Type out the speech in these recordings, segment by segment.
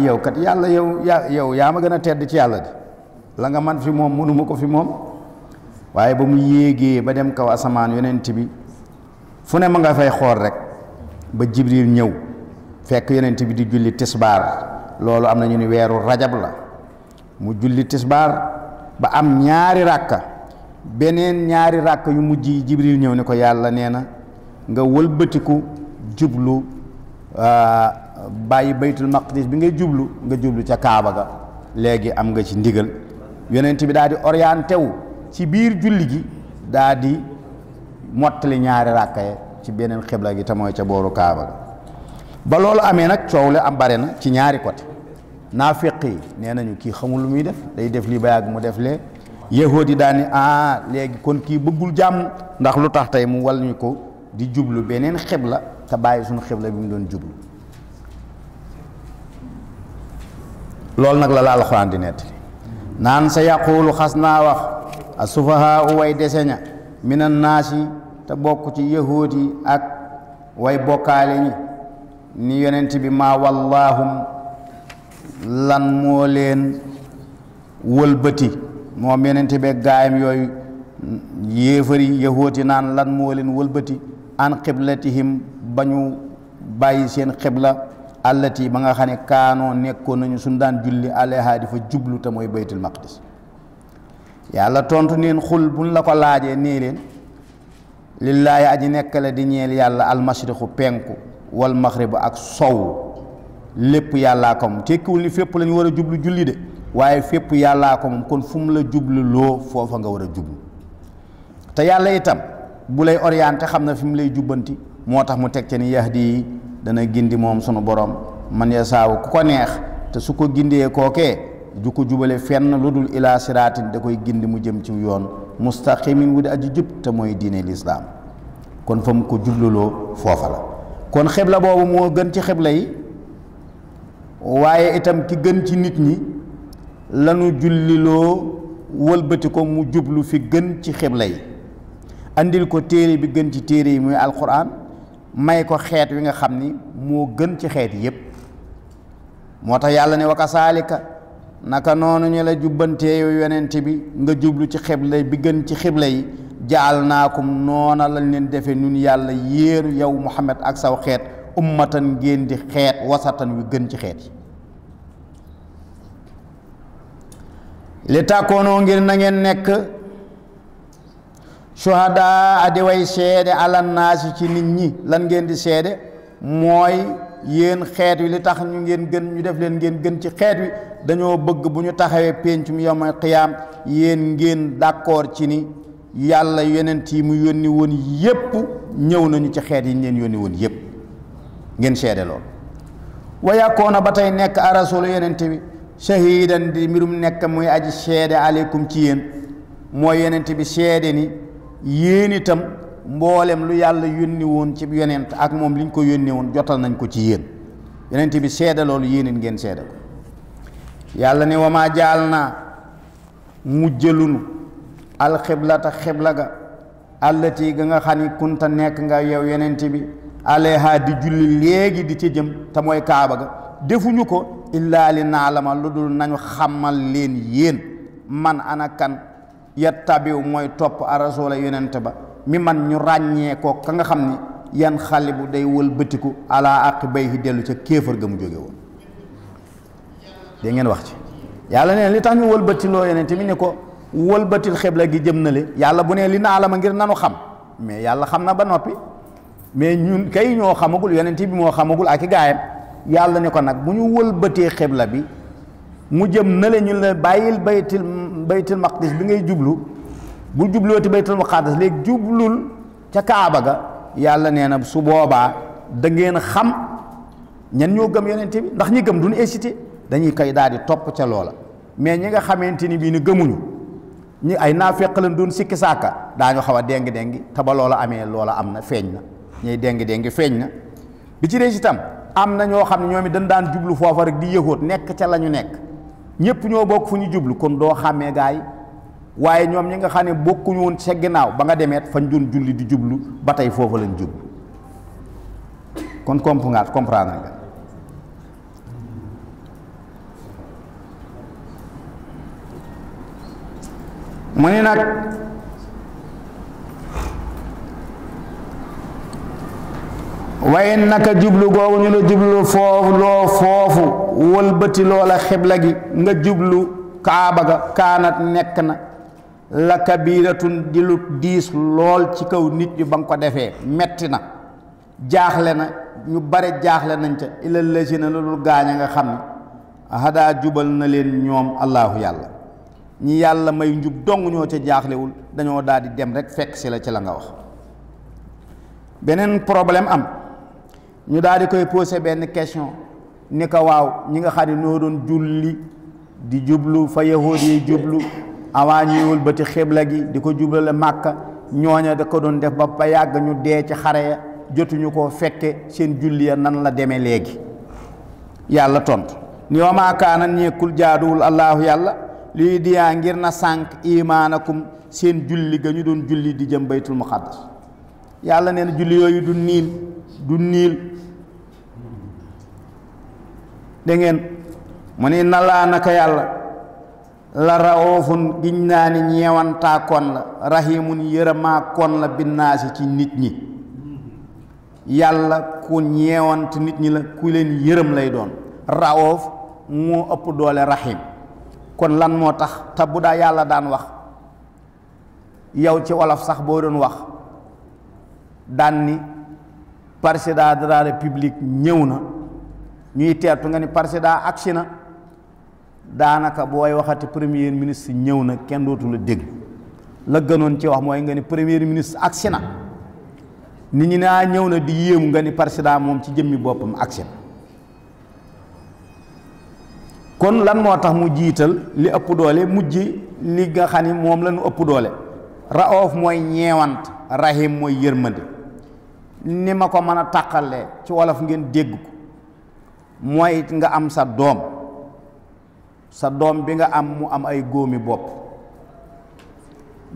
yow kat yàlla yow yaa yaa ma gën a tedd ci yàlla di la nga man fi moom mënuma ko fi moom waaye ba mu yéegee ba dem kaw asamaan yonent bi fu ne ma nga fay xool rek ba jibril ñëw fekk yonent bi di julli tisbaar loolu am na ñu ni weeru rajab la mu julli tisbaar ba am ñaari ràkka beneen ñaari ràkk yu mujj yi jibril ñëw ni ko yàlla nee na nga wëlbatiku jublu bàyyi baytul maqdis bi ngay jublu nga jublu ca kaaba ga léegi am nga ci ndigal yonent bi daal di orienté wu ci biir julli gi daadi mottali ñaari ràkkaye ci beneen xibla gi te mooy ca booru kaaba ga ba loolu amee nag coow la am bare na ci ñaari côté naafiq yi nee nañu kii xamul lu muy def day def lii ba yàgg mu def lee yahood yi daani ah léegi kon kii bëggul jàmm ndax lu tax tey mu wal ñu ko di jublu beneen xibla te bàyyi suñu xibla bi mu doon jublu loolu nag la la alxuraan di nettali naan sa yaquulu xas naa wax a sufahaa u way deseña minan naasi te bokk ci yahuud yi ak way bokkaale ñi ni yonent bi maa wallaahum lan moo leen wëlbati moom yonent bi gaayam yooyu yéefari yahuud yi naan lan moo leen wëlbati an qiblatihim ba ñu bàyyi seen xibla allati ba nga xam ne kaanoo nekkoon nañu suñ daan julli aleyha di fa jublu te mooy baytul maqdis yàlla tontu neen xul buñ la ko laajee nee leen lillaahi aji nekk la di ñeel yàlla almashriqu penku wal maxribu ak sow lépp yàllaa ko moom tekkiwul ni fépp lañu war a jublu julli de waaye fépp yàllaa ko moom kon fu mu la jublu loo foofa nga war a jublu te yàlla itam bu lay orienté xam na fi mu lay jubbanti moo tax mu teg ca ni yahdi dana gindi mom sunu borom man ya saw ku ko neex te su ko gindee kookee du ko jubale fenn ludul ila siratin da koy gindi mu jëm ci yoon mustaqimin wudi aji jub te moy diine l'islam kon fam ko jubluloo fofa la kon xibla bobu mo gën ci xibla yi waye itam ki gën ci nit ñi lanu jullilo wëlbati ko mu jublu fi gën ci xibla yi andil ko téré bi gën ci téré yi muy alquran may ko xeet wi nga xam ni moo gën ci xeet yépp moo tax yàlla ne wakasaalika naka noonu ñu la jubbantee yow yonent bi nga jublu ci xibla bi gën ci xibla yi jaal naakum noona lañ leen defe nun yàlla yéer yow muhammad ak saw xeet ummatan ngeen di xeet wasatan wi gën ci xeet yi li tàkkoonoo ngir na nekk suhada adi way seede ala naasi ci nit ñi lan ngeen di seede mooy yéen xeet wi li tax ñu ngeen gën ñu def leen ngeen gën ci xeet wi dañoo bëgg bu ñu taxawee péncum yawmal qiyaam yéen ngeen d'accord ci ni yàlla yonent yi mu yónni woon yépp ñëw nañu ci xeet yi ñu leen yónni woon yépp ngeen seede lool wa yakoona ba tey nekk arasulu yonent bi shahidan di mbirum nekk muy aji seede aleykum ci yéen mooy yonent bi seede ni yéen itam mboolem lu yàlla yónni woon ci yonent ak moom liñ ko yónni woon jotal nañ ko ci yéen yonent bi seede loolu yéen ngeen seede ko yàlla ne wamaa jaal naa mujjalunu alxiblata xibla ga allati ga nga xam ni kunta nekk nga yow yonent bi aleha di julli léegi di ca jëm te mooy kaaba ga defuñu ko illaa li naalama lu dul nañu xamal leen yéen man ana kan ya yattabiw mooy topp arasoola yonent ba mi man ñu ràññee ko ka nga xam ni yan xali bu day wëlbatiku ala aqibayhi dellu ca kéefër ga mu jóge woon dégg ngeen wax ci yàlla neen li tax ñu wëlbatiloo yonent bi ne ko wëlbatil xebla gi jëm na le yàlla bu ne li naa na alama ngir nanu xam mais yàlla xam na ba noppi mais ñun kay ñoo xamagul yonent bi moo xamagul ak i gaayam yàlla ne ko nag bu ñu wëlbatee xebla bi mu jëm na ñu la bàyyil baytil baytil maqdis bi ngay jublu bu bul ti baytil maqadis léegi jublul ca kaaba ga yàlla nee na su boobaa da ngeen xam ñan ñoo gëm yonente bi ndax ñi gëm duñu hésité dañuy koy daal di topp ca loola mais ñi nga xamante ni bii ni gëmuñu ñi ay naafeq lañ doon sikki saaka daañu xaw a déng-déngi te loola amee loola am na feeñ na ñuy feeñ na bi ci des itam am na ñoo xam ne ñoom it dañ daan jublu foofa rek di yëhoot nekk ca la ñu nekk ñëpp ñoo bokk fu ñu jublu kon doo xàmmee gaay waaye ñoom ñi nga xam ne bokkuñu woon sa ginnaaw ba nga demeet fañ doon julli di jublu ba tey foofu lañ jublu kon comprendre comprendre nga mu ne nag waaye naka jublu googu ñu la jublu foofu foofu wëlbati loola xibla gi nga jublu kaaba ga kaanat nekk na la kabiratun di lu diis lool ci kaw nit ñu ba nga ko defee metti na jaaxle na ñu bare jaaxle nañ ca ilal la si na lu dul gaañ a nga xam ne hadaa jubal na leen ñoom allahu yàlla ñi yàlla may njub dong ñoo ca jaaxlewul dañoo daal di dem rek fekk si la ci la nga wax beneen problème am ñu daal di koy pose benn question ni ko waaw ñi nga xam ne noo doon julli di jublu fa yahood yi jublu avant ñuy wëlbati xibla gi di ko jublale màkka ñooña da ko doon def ba ba yàgg ñu dee ci xare ya jotuñu ko fekke seen julli ya nan la demee léegi yàlla tontu ni wa maa kaana ñekkul jaaduwul allaahu yàlla luy diyaa ngir na sànq imaanakum seen julli ga ñu doon julli di jëm baytul muqaddas yalla neena julli yoyu du nil du nil de ngeen mune nala naka yalla la giñ kon la rahimun yërëmaa kon la binnaasi ci nit ñi yalla ku ñeewant nit ñi la ku leen lay doon mo upp doole rahim kon lan motax ta te bu daa yàlla daan wax yow ci wolof sax bo doon wax daan ni président de la république ñëw na ñuy teertu nga ni président agsi na daanaka booy waxati premier ministre ñëw na kenn dootu la dégg la gënoon ci wax mooy nga ni premier ministre agsi na nit ñi naa ñëw na di yéemu nga ni président moom ci jëmmi boppam agsi na kon lan moo tax mu jiital li ëpp doole mujj li nga xam moom la ëpp doole raoof mooy ñeewant rahim mooy yërmande ni ma ko mën a tàqalee ci wolof ngeen dégg ko mooy nga am sa doom sa doom bi nga am mu am ay góomi bopp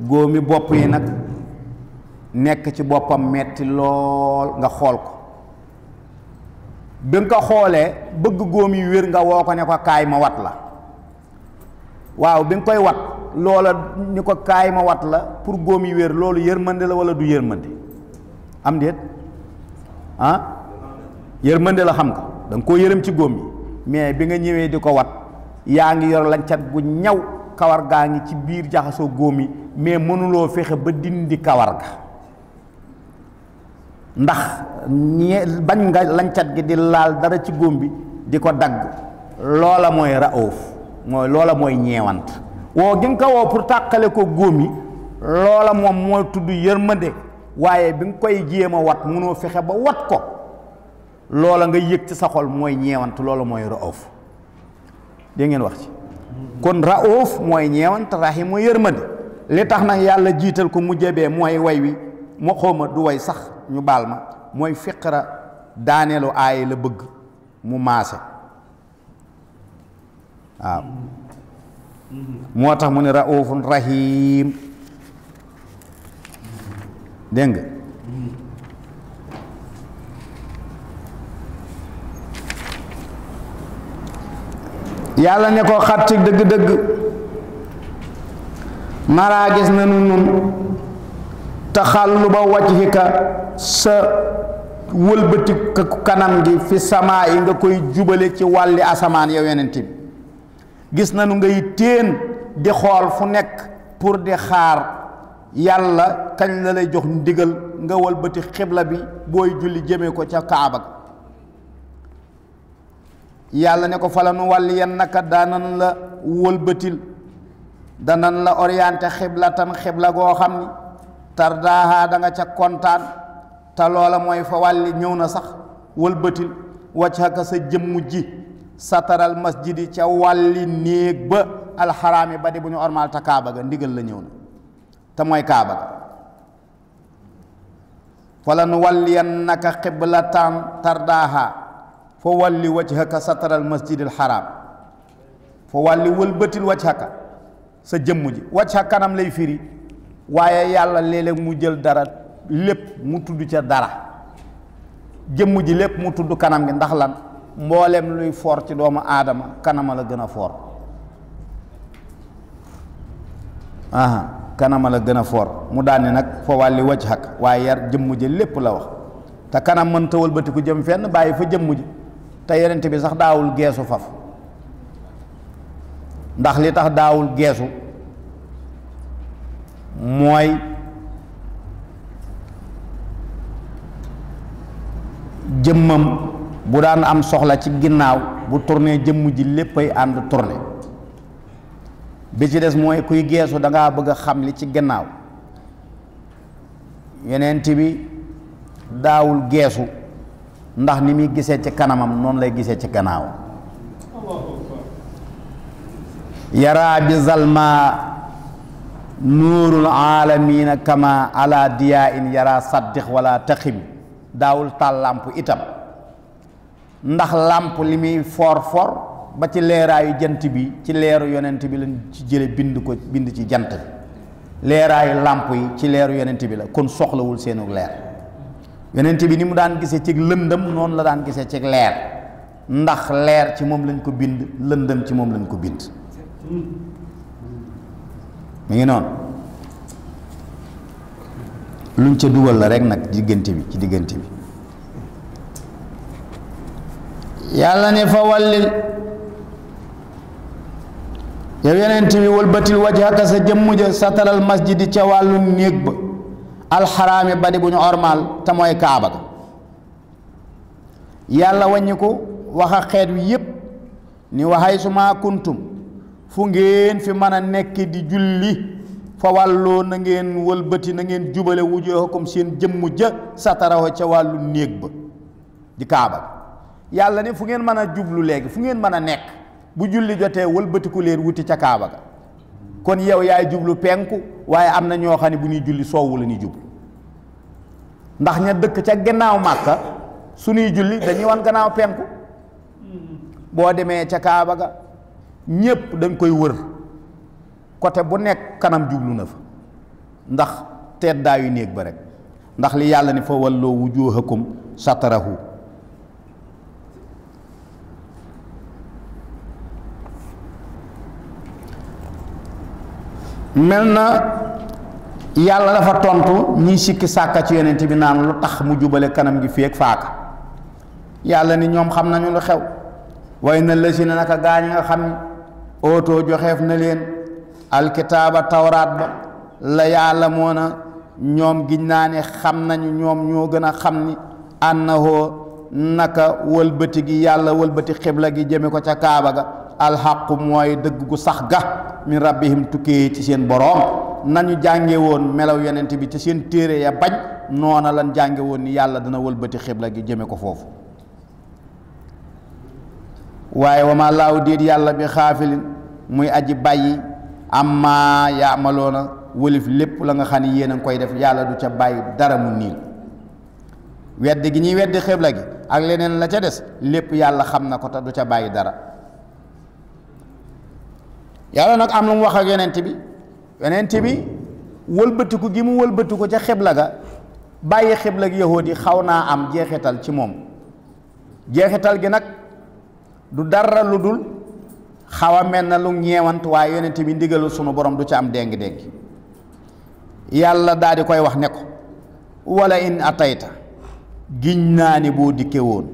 góomi bopp yi nag nekk ci boppam metti lool nga xool ko bi nga ko xoolee bëgg góom yi wér nga woo ko ne ko kaay ma wat la waaw bi nga koy wat loola ni ko kaay ma wat la pour góom yi wér loolu yërmande la walla du yërmande am déet ah yërmande la xam nga danga koo yërëm ci góom yi mais bi nga ñëwee di ko wat yaa ngi yor lancat gu ñaw kawar gaa ngi ci biir jaxasoo góom yi mais mënuloo fexe ba dindi kawar ga ndax ñe bañ nga lancat gi di laal dara ci góom bi di ko dagg loola mooy raoof mooy loola mooy ñeewant woo gi nga ko woo pour tàqale ko góom yi loola moom mooy tudd yërmande waaye bi nga koy jéem a wat munoo fexe ba wat ko loola nga yëg ci sa xol mooy ñeewant loola mooy raoof dégg ngeen wax ci kon raoof mooy ñeewant rahim mooy yërmande li tax nag yàlla jiital ko mu jebee mooy way wi ma xooma du woy sax ñu baal ma mooy fiqra daaneelu aay la bëgg mu maase waaw mm-hmm. moo tax mu ne raoofun rahim dégg nga yàlla ne ko xat ci dëgg-dëgg naraa gis nanu nun taxallu ba wàcc ci ka sa wëlbati kanam gi fi samaa yi nga koy jubale ci wàlli asamaan yow yonent bi gis nanu ngay téen di xool fu nekk pour di xaar yàlla kañ la lay jox ndigal nga walbati xibla bi booy julli jëmee ko ca kaaba yàlla ne ko fala nu wàlli yan naka daanan la wëlbatil danan la oriente xibla tan xibla goo xam ni tardaaha da nga ca kontaan te loola mooy fa wàlli ñëw na sax wëlbatil wajhaka sa jëmm ji sataral masjidi ca wàlli néeg ba alxaraami ba di bu ñu ormal ta kaaba ga ndigal la ñëw na te mooy kaaba ga falan walliyannaka xiblatan tardaaha fa walli wajhaka sataral masjidil haram fa walli wëlbatil wajhaka sa jëmm ji wajha kanam lay firi waaye yàlla léeg mu jël dara lépp mu tudd ca dara jëmm ji lépp mu tudd kanam gi ndax lan mboolem luy foor ci doomu aadama kanama la gën a foor kanama la gën a foor mu daal nag fa wàlli waj xak waaye yar jëmm ji lépp la wax te kanam mën tawal batiku jëm fenn bàyyi fa jëmm ji te yonent bi sax daawul geesu faf ndax li tax daawul geesu mooy jëmmam bu daan am soxla ci ginnaaw bu tourné jëmm ji léppay ànd tourné bi ci des mooy kuy geesu dangaa bëgg a xam li ci gannaaw yeneent bi daawul geesu ndax ni muy gisee ci kanamam noonu lay gisee ci gannaaw yaraa bi zalma nuurul aalamiina kama ala diyaa in yaraa saddix wala taxim daawul taal làmp itam ndax làmp li muy for for ba ci leeraayu jant bi ci leeru yonent bi lañ ci jële bind ko bind ci jant bi leeraayu làmp yi ci leeru yonent bi la kon soxlawul seenu leer yonent bi ni mu daan gisee ci lëndëm noonu la daan gisee ci leer ndax leer ci moom lañ ko bind lëndëm ci moom lañ ko bind mi ngi noonu luñ ca dugal la rek nag diggante bi ci diggante bi yàlla ne fa wallil yow yonent bi wëlbatil wajhaka sa jëmm ja sataral masjidi ca wàllu néeg ba alxaraami ba di bu ñu ormaal te mooy kaaba ga yàlla wàññi ko wax a wi yépp ni waxay suma kuntum fu ngeen fi mën a nekk di julli fa wàlloo na ngeen wëlbati na ngeen jubale wujuhakum seen jëmm ja satarawo ca wàllu néeg ba di kaaba yàlla ni fu ngeen mën a jublu léegi fu ngeen mën a nekk bu julli jotee wëlbatiku leen wuti ca kaaba ga kon yow yaay jublu penku waaye am na ñoo xam ne bu ñuy julli soowu la ñuy jublu ndax ña dëkk ca gannaaw màkka su ñuy julli dañuy wan gannaaw penku boo demee ca kaaba ga ñépp dañ koy wër côté bu nekk kanam jublu na fa ndax teddaayu néeg ba rek ndax li yàlla ni fa walloo wujuhakum satarahu mel na yàlla dafa tontu ñiy sikki sàkka ci yonent bi naan lu tax mu jubale kanam gi féeg faaka yàlla ni ñoom xam nañu lu xew way na la si ne naka gaañ nga xam ni oto joxeef na leen alkitaaba tawraat ba la yàlla moo na ñoom giñ naa ne xam nañu ñoom ñoo gën a xam ni ànnahoo naka wëlbati gi yàlla wëlbati xibla gi jëme ko ca kaaba ga alxaqu mooy dëgg gu sax ga min rabbihim tukkee ci seen boroom nañu jàngewoon woon melaw yonent bi ci seen téere ya bañ noona lan jànge woon ni yàlla dana wëlbati xebla gi jëme ko foofu waaye wama laaw déet yàlla bi xaafilin muy aji bàyyi amma yaamaloona wëlif lépp la nga xam ne yéen a ngi koy def yàlla du ca bàyyi dara mu niil weddi gi ñuy weddi xibla gi ak leneen la ca des lépp yàlla xam na ko te du ca bàyyi dara yàlla nag am lu mu wax ak yonent bi yonent bi wëlbatiku gi mu wëlbatiku ca xebla ga bàyyi xibla gi di xaw naa am jeexital ci moom jeexital gi nag du dara lu dul xaw a mel na lu ñeewant waaye yonent bi ndigalul sunu borom du ca am déng-déng yàlla daal di koy wax ne ko walla in atayta giñ naa ni boo dikke woon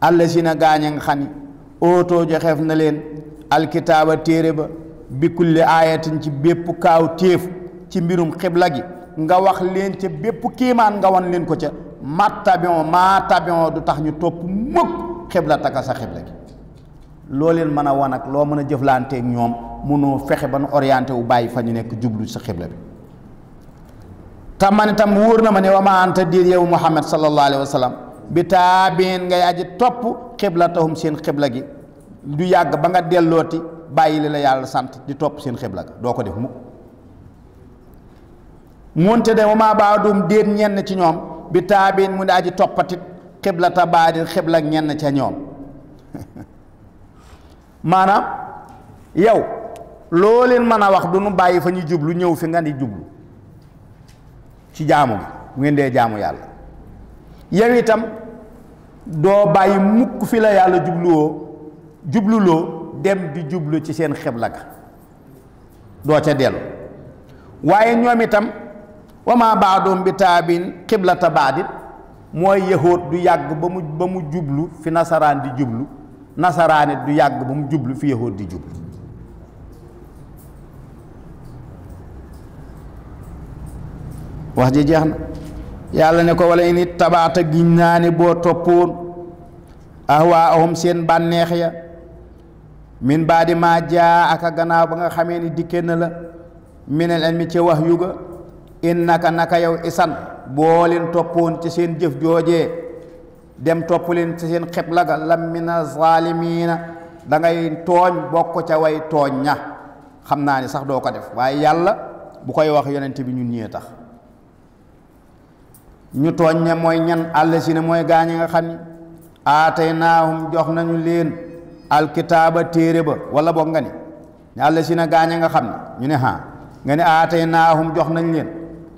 àll si na gaañ nga xam ni joxeef na leen alkitaaba téere ba bi kulli aayatin ci bépp kaaw téef ci mbirum xibla gi nga wax leen ca bépp kiimaan nga wan leen ko ca mattabion mattabion du tax ñu topp mukk xibla taka sa xibla loo leen mën a wan loo mën a jëflanteeg ñoom mënoo fexe ba nu orienté wu bàyyi fa ñu nekk jublu sa xibla bi te man itam wóor na ma ne wa ma anta diir yow Muhammad sallallahu alayhi wa sallam bi taabiin ngay aji topp xiblatahum seen xibla gi du yàgg ba nga dellooti bàyyi li la yàlla sant di topp seen xibla ga doo ko def mukk moonte de wama baadum déet ñenn ci ñoom bi taabin mu ne aji toppatit xibla ta baadin ñenn ca ñoom maanaam yow loo leen mën a wax du nu bàyyi fa ñu jublu ñëw fi nga di jublu ci jaamu gi mu ngeen dee jaamu yàlla yow itam doo bàyyi mukk fi la yàlla jubluwoo jubluloo dem di jublu ci seen xebla ga doo ca dellu waaye ñoom itam wama baadum bi taabin xiblata baadit mooy yahóot du yàgg ba mu jublu fi nasaraan di jublu nasaraanit du yàgg ba mu jublu fi yahóot di jublu wax ji jeex na yàlla ne ko wala ini tabaata giñ naa ne boo toppoon ahwaahum seen bànneex ya min baadi maa ak aka gannaaw ba nga xamee ni dikkee na la leen mi ci wax yuga innaka naka naka yow isan boo leen toppoon ci seen jëf joojee dem topp leen ci seen xibla ga lam mina zaalimiina da ngay tooñ bokk ca way tooñ ña xam naa ni sax doo ko def waaye yàlla bu koy wax yonent bi ñu ñee tax ñu tooñ ña mooy ñan àll si ne mooy gaañi nga xam ni aataynaahum jox nañu leen alkitaaba téere ba wala boog nga ni ne àlla si na gaañ nga xam ne ñu ne haa nga ne aatay naahum jox nañ leen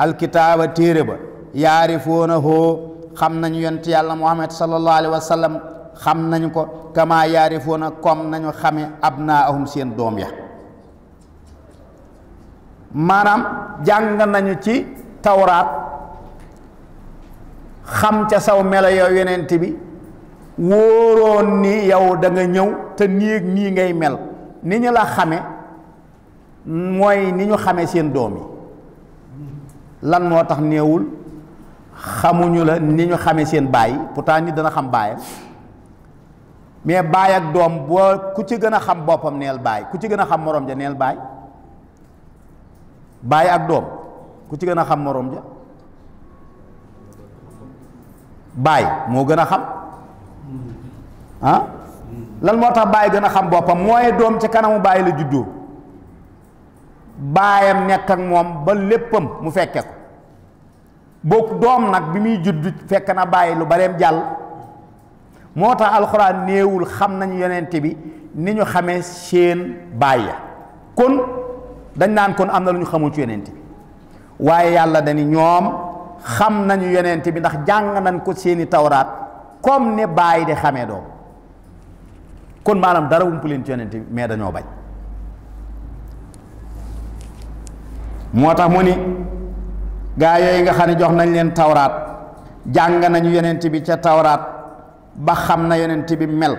alkitaaba téere ba yaari foona hoo xam nañu yonent yàlla muhammad sallallahu alayhi wa sallam xam nañu ko kama yaari foona kom nañu xame ab naahum seen doom ya maanaam jàng nañu ci tawraat xam ca saw melo yow yonent bi wóoroon ni yow da nga ñëw te nii nii ngay mel ni ñu la xame mooy ni ñu xame seen doom yi lan moo tax néewul xamuñu la ni ñu xame seen baay pourtant nit dana xam baayam mais baay ak doom ku ci gën a xam boppam neel baay ku ci gën a xam morom ja neel baay baay ak doom ku ci gën a xam morom ja baay moo gën a xam Ah? lan moo tax bàyyi gën a xam boppam mooy doom ci kanamu bàyyi la juddoo baayam nekk ak moom ba léppam mu fekke ko bokk doom nag bi muy judd fekk na bàyyi lu bareem jàll moo tax alxuraan néewul xam nañu yonente bi ni ñu xamee seen bàyyi kon dañ naan kon am na lu ñu xamul ci yonente bi waaye yàlla dañi ñoom xam nañu yonente bi ndax jàng nañ ko seeni tawraat comme ne bàyyi di xamee doom kon maanaam dara wumpu leen ci yonent bi mais dañoo bañ moo tax mu ni gaa yooyu nga xam ne jox nañ leen tawraat jàng nañu yeneen bi ca tawraat ba xam na yonent bi mel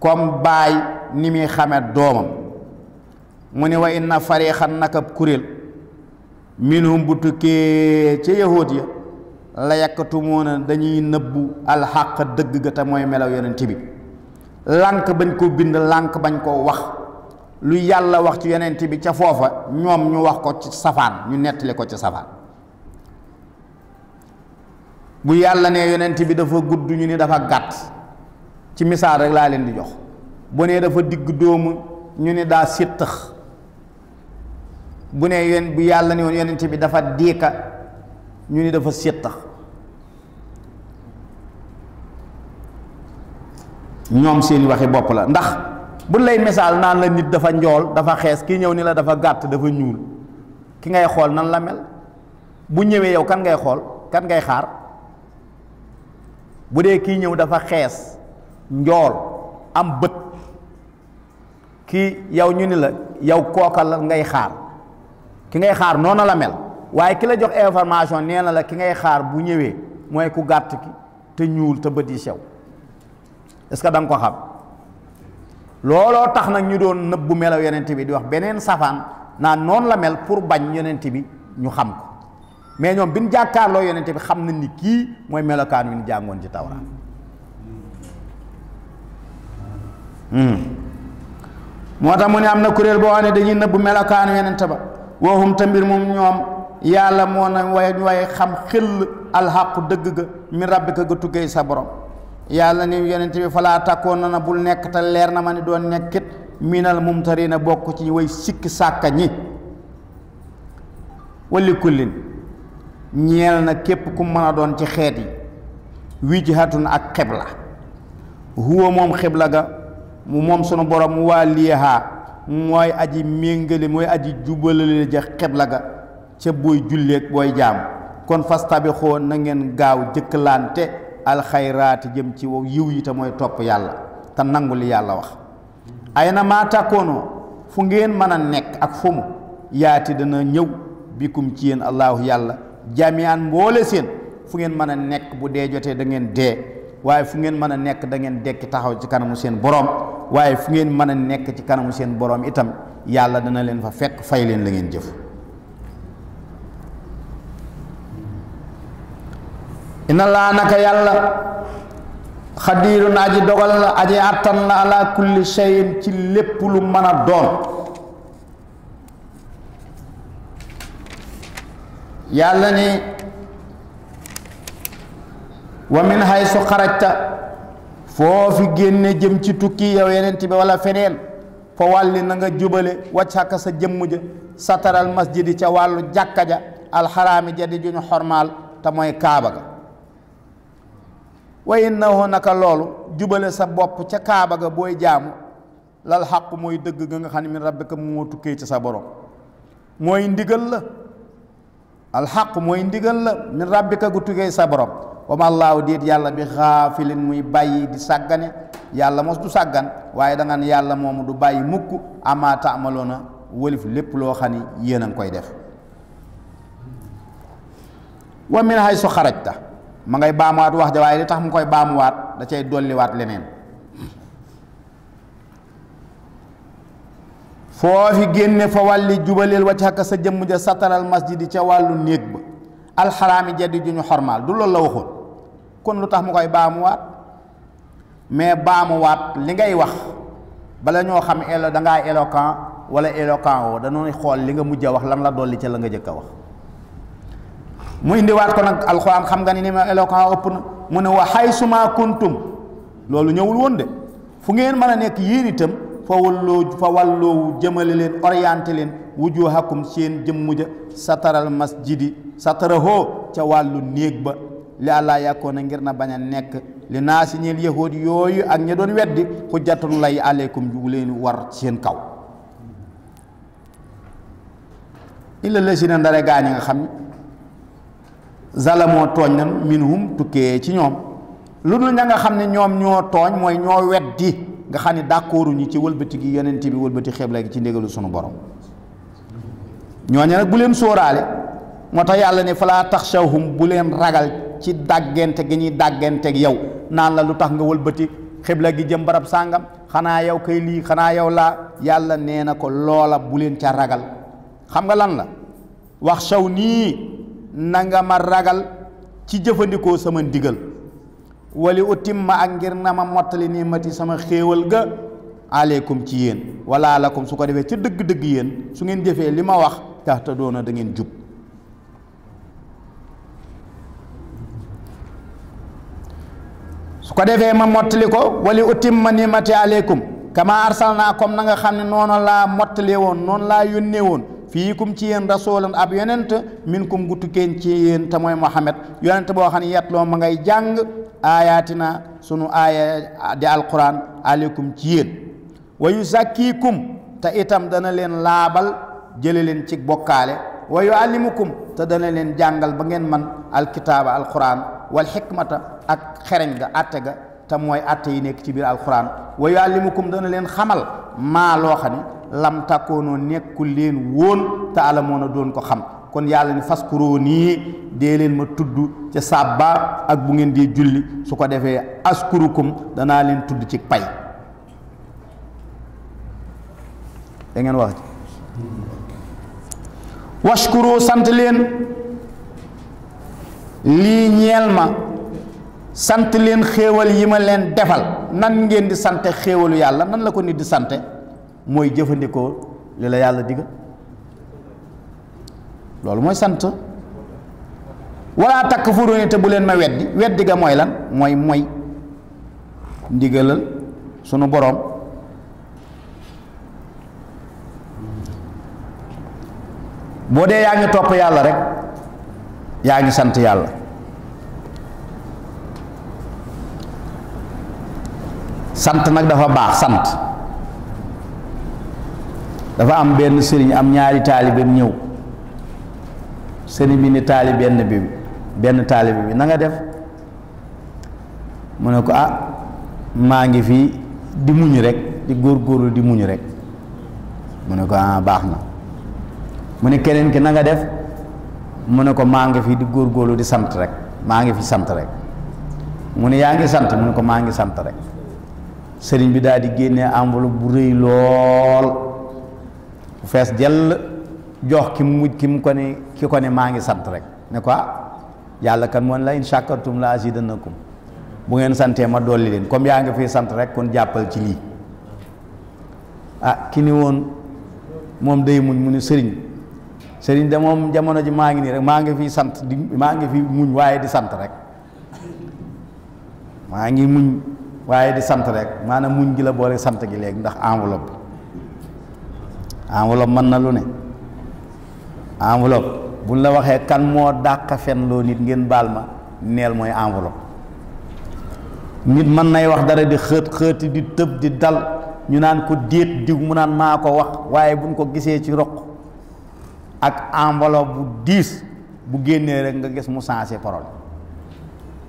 comme baay ni muy xame doomam mu ni wa inna fariqan nakab kuréel minhum bu tukkee ca yahuud ya la yakkatumuuna dañuy nëbbu alxaq dëgg ga te mooy melaw yeneen bi lànk bañ koo bind lànk bañ koo wax lu yàlla wax ci yonent bi ca foofa ñoom ñu wax ko ci safaan ñu nettali ko ci safaan bu yàlla ne yonent bi dafa gudd ñu ni dafa gàtt ci misaal rek laa leen di jox bu ne dafa digg dóomu ñu ne daa sittax bu ne yoon bu yàlla ne woon yonent bi dafa diika ñu ni dafa sittax ñoom seen waxi bopp la ndax bu lay misaal naan la nit dafa njool dafa xees kii ñëw ni la dafa gàtt dafa ñuul ki ngay xool nan la mel bu ñëwee yow kan ngay xool kan ngay xaar bu dee kii ñëw dafa xees njool am bët kii yow ñu ni la yow kooka ngay xaar ki ngay xaar noonu la mel waaye ki la jox information nee na la ki ngay xaar bu ñëwee mooy ku gàtt ki te ñuul te bët yi sew est-ce que da ko xam looloo tax nag ñu doon nëbbu melaw yonent bi di wax beneen safaan naa noonu la mel pour bañ yonent bi ñu xam ko mais ñoom bi ñu jàkkaarloo yonent bi xam nañ ni kii mooy melokaan wi ñu jàngoon ci tawraat hmm. moo tax mu ne am na kuréel boo xam ne dañuy nëbbu melokaanu yonent ba waxum te mbir moom ñoom yàlla moo na way ñu xam xel alxaqu dëgg ga mi rabbika ga tukkee sa borom yàlla ni yonent bi falaa takkoon na na bul nekk te leer na ma ni doon nekkit minal mumtarina bokk ci way sikki sàkka ñi wali kullin ñeel na képp ku mën a doon ci xeet yi wijhatun ak xibla huwa moom xibla ga mu moom sunu borom waa liyahaa mooy aji méngale mooy aji jubalale ja xibla ga ca booy julleeg booy jaam kon fas tabixoo na ngeen gaaw jëkkalante alxayraati jëm ci wow yiw yi te mooy topp yàlla te nangu li yàlla wax ay na maa tàkkoonoo fu ngeen mën a nekk ak fu mu yaati dana ñëw bikum ci yéen allahu yàlla jamiaan mboole seen fu ngeen mën a nekk bu dee jotee da ngeen dee waaye fu ngeen mën a nekk da ngeen dekki taxaw ci kanamu seen borom waaye fu ngeen mën a nekk ci kanamu seen borom itam yàlla dana leen fa fekk fay leen la ngeen jëf ina laa naka yàlla xadiirun aji dogal la aji àttan la ala kulli shay'in ci lépp lu mën a doon yàlla ni wa min haysu xarajta foofi génne jëm ci tukki yow yeneen bi wala feneen fa wàlli na nga jubale wàccaka sa jëmm ja sataral masjidi ca wàllu jàkka ja alxaraami ja di juñu xormaal te mooy kaaba ga wa innahu naka loolu jubale sa bopp ca kaaba ga booy jaamu lal xaq mooy dëgg ga nga xam ne min rabbika moo tukkee ci sa borom mooy ndigal la alxaq mooy ndigal la min rabbika gu tukkee sa borom wa ma yàlla bi xaafilin muy bàyyi di yàlla mos sàggan waaye da yàlla moomu du bàyyi mukk ama taamaloona wëlif lépp loo xam ni yéen a ngi koy def wa min su xarajta ma ngay baamuwaat wax ja waaye li tax mu koy baamuwaat da cay dolliwaat leneen foofi génne fa wàlli jubaleel wa ca sa jëmm ja sataral masjidi ca wàllu néeg ba alxaraami jaddi ju ñu xormaal du loolu la waxoon kon lu tax mu koy baamuwaat mais baamuwaat li ngay wax bala ñoo xam élo dangaa éloquent wala éloquent woo dañoo xool li nga mujj a wax lan la dolli ca la nga jëkk a wax mu indiwaat ko nag am xam nga ni ni ma éloquent ëpp na mu ne wa xay suma kuntum loolu ñëwul woon de fu ngeen mën a nekk yéen itam fa walloo fa walloowu jëmale leen orienté leen wujuhakum seen jëmmu ja sataral masjidi satarahoo ca wàllu néeg ba li àllaa yàkkoon a ngir na bañ a nekk li naa si ñeel yooyu ak ña doon weddi xujjatun lay aleykum ju leen war seen kaw illa la si na ndare nga xam zalamoo tooñ nan minhum tukkee ci ñoom lu dul ña nga xam ne ñoom ñoo tooñ mooy ñoo weddi nga xam ne d'accorduñu ci wëlbati gi yonent bi wëlbati xibla gi ci ndégalu sunu borom ñooñu nag bu leen sóoraale moo tax yàlla ne falaa taxshawhum bu leen ragal ci dàggante gi ñuy dàgganteeg yow naan la lu tax nga wëlbati xibla gi jëm barab sàngam xanaa yow kay lii xanaa yow laa yàlla nee na ko loola bu leen ca ragal xam nga lan la wax saw nii nanga ma ragal ci jëfandikoo sama ndigal wali ma ak ngir na ma mottali nii mati sama xéewal ga aleykum ci yéen wala lakum su ko defee ci dëgg-dëgg yéen su ngeen jëfee li ma wax te doona da ngeen jub su ko defee ma mottali ko wali utimma nii mati aleykum kama naa comme na nga xam ne noonu laa mottalee woon noonu laa yónnee woon fiikum ci yéen rasulan ab yonent minkum gu tukkeen ci yéen te mooy yonent boo xam ne loo ma ngay jàng ayatina sunu aaya di alquran aleykum ci yéen wa yuzakkikum te itam dana leen laabal jële leen ci bokkaale wa yuallimukum te dana leen jàngal ba ngeen man alkitaaba alquran wal xikmata ak xereñ ga atte ga te mooy atte yi nekk ci biir alquran wa yuallimukum dana leen xamal maa loo ne lam takkoonoo nekkul leen woon te alamoona doon ko xam kon yàlla ni faskuroo nii dee leen ma tudd ca sàbba ak bu ngeen dee julli su ko defee askurukum danaa leen tudd ci pay dangeen ngeen wax waskuroo sant leen lii ñeel ma sant leen xéewal yi ma leen defal nan ngeen di sante xéewalu yàlla nan la ko nit di sante mooy jëfandikoo li la yàlla digal loolu mooy sant wala takk furuni te bu leen ma weddi weddi ga mooy lan mooy mooy ndigalal sunu boroom boo dee yaa ngi topp yàlla rek yaa ngi sant yàlla sant nag dafa baax sant dafa am ben sëriñ am ñaari taalibeem ñew sëriñ bi ni talib ben bi ben talib bi na nga def mu ne ko ah maa ngi fi di muñu rek di góorgóorlu di muñu rek mu ne ko ah baxna mu keneen ki na nga def mu ne ko maa ngi di góorgóorlu di sant rek maa ngi fi sante rek mu ne yaa ngi sant mu ne ko ngi rek sëriñ bi daal di enveloppe bu reuy lol bu fees jël jox ki mu mujj ki mu ko ne ki ko ne maa ngi sant rek ne quoi ah, yàlla kan moon la in shakartum la azidannakum bu ngeen santee ma dolli leen comme yaa ngi fii sant rek kon jàppal ci lii ah ki ni woon moom day muñ mu ne sëriñ sëriñ de moom jamono ji maa ngi nii rek maa ngi fii sant di maa ngi fi muñ waaye di sant rek maa ngi muñ waaye di sant rek maanaam muñ gi la boole sant gi léegi ndax enveloppe enveloppe mën na lu ne enveloppe buñ la waxee kan moo dàq fen loo nit ngeen baal ma neel mooy enveloppe nit mën nay wax dara di xët xëti di tëb di dal ñu naan ko déet diw mu naan maa ko wax waaye buñ ko gisee ci roq ak enveloppe bu diis bu génnee rek nga gis mu changé parole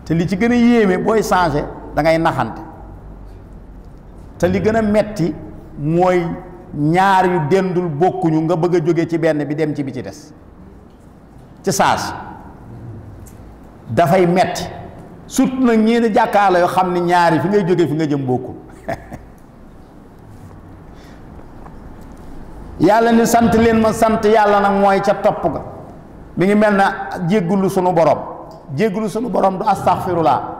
te li ci gën a yéeme booy changé dangay ngay naxante te li gën a metti mooy ñaar yu dendul bokkuñu nga bëgg a jóge ci benn bi dem ci bi ci des ci saas dafay metti surtout nag ñeenti jàkkaarloo yoo xam ne ñaari fi ngay jóge fi nga jëm bokkul yàlla ni sant leen ma sant yàlla nag mooy ca topp ga mi ngi mel na jéggulu sunu borom jéggulu sunu borom du astaxfirulaa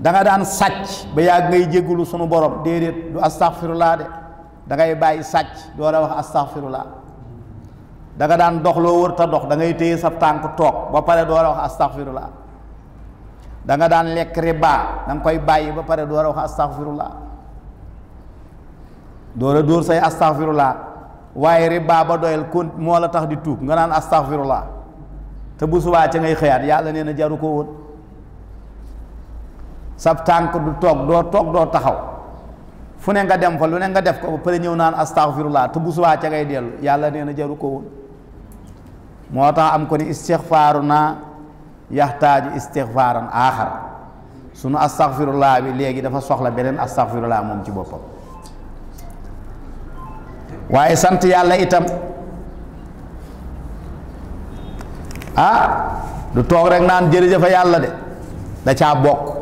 da nga daan sàcc ba yàgg ngay jéggulu sunu borom déedéet du astaxfirulaa de da ngay bàyyi sàcc door a wax astaghfirullah da nga daan dox loo wër ta dox da ngay téye sa tànk toog ba pare door a wax astaghfirullah da daan lekk riba da koy bàyyi ba pare door a wax astaghfirullah door a dóor say astaghfirullah waaye riba ba doyal kon moo la tax di tuub nga naan astaghfirullah te bu subaa ca ngay xëyaat yàlla nee na jaru ko woon sab tànk du toog doo toog doo taxaw fu ne nga dem fa lu ne nga def ko ba pare ñëw naan astaghfirullah te bu subaa ca ngay dellu yàlla nee na jaru ko woon moo tax am ko ni istixfaaru naa yaxtaaju istixfaaran aaxar sunu astaghfirullah bi léegi dafa soxla beneen astaghfirullah moom ci boppam waaye sant yàlla itam ah du toog rek naan jërëjëfa yàlla de da caa bokk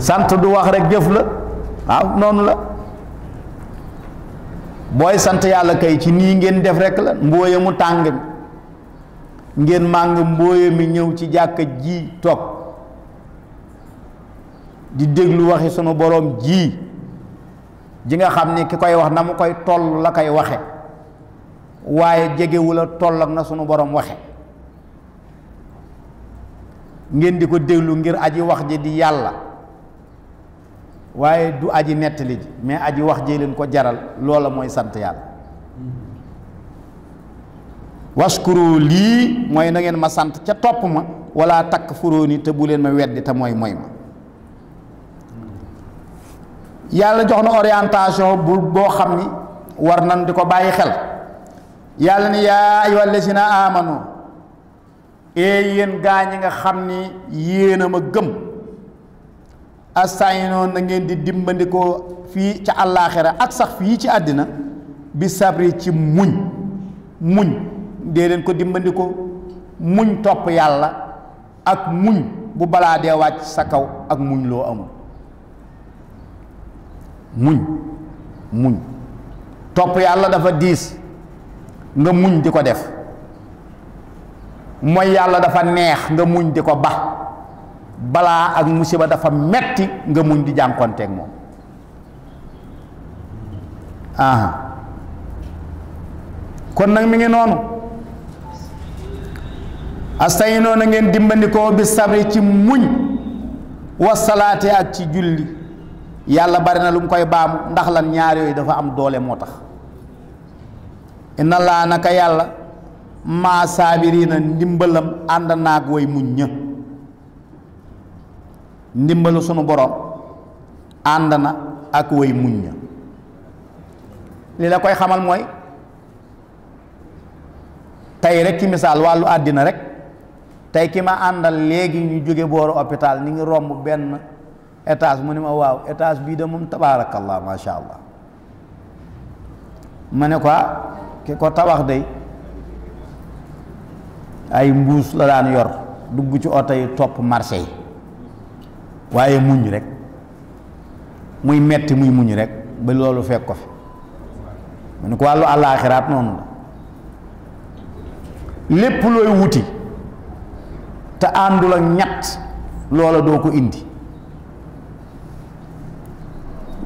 sant du wax rek jëf la waaw noonu la booy sant yàlla kay ci nii ngeen def rekk la mbooya mu tàng mi ngeen màng mbooya mi ñëw ci jàkka ji toog di déglu waxi sunu boroom ji ji nga xam ni ki koy wax na mu koy toll la koy waxe waaye jegewu la toll na sunu boroom waxe ngeen di ko déglu ngir aji wax ji di yàlla waaye du aji nettali ji mais aji wax ji leen ko jaral loola mooy sant yàlla waskuru lii mooy na ngeen ma sant ca topp ma wala takk furóoni te bu leen ma weddi te mooy mooy ma yàlla jox na orientation bu boo xam ni war nan di ko bàyyi xel yàlla ni yaa ayyuhal lazina amanu ee yéen gaa ñi nga xam ni yéen a ma gëm astaayinoon na ngeen di dimbandikoo fii ca àllaaxira ak sax fii ci àddina bi sabri ci muñ muñ dee leen ko dimbandikoo muñ topp yàlla ak muñ bu balaa dee wàcc sa kaw ak muñ loo amul muñ muñ topp yàlla dafa diis nga muñ di ko def mooy yàlla dafa neex nga muñ di ko ba balaa ak musiba dafa metti nga muñ di jànkonteeg moom aha kon nag mi ngi noonu astayinoo na ngeen dimbandikoo bi sabri ci muñ wa ak ci julli yàlla bari na lu mu koy baamu ndax lan ñaar yooyu dafa am doole moo tax inna laa naka yàlla maa saabiriina ndimbalam ànd naag way muñ ña ndimbalu sunu borom ànd na ak way muñ ña li la koy xamal mooy tey rek ci misaal wàllu àddina rek tey ki ma àndal léegi ñu jóge booru hôpital ni ngi romb benn étage mu ne ma waaw étage bii de moom tabaarakallah macha allah mu ne ko ah, ki ko tabax day ay mbuus la daan yor dugg ci oto yi topp marché yi waaye muñ rekk muy metti muy muñ rekk ba loolu fekk ko fi mu ne ko wàllu àllaaxiraat noonu la lépp looy wuti te àndul ak ñett loola doo ko indi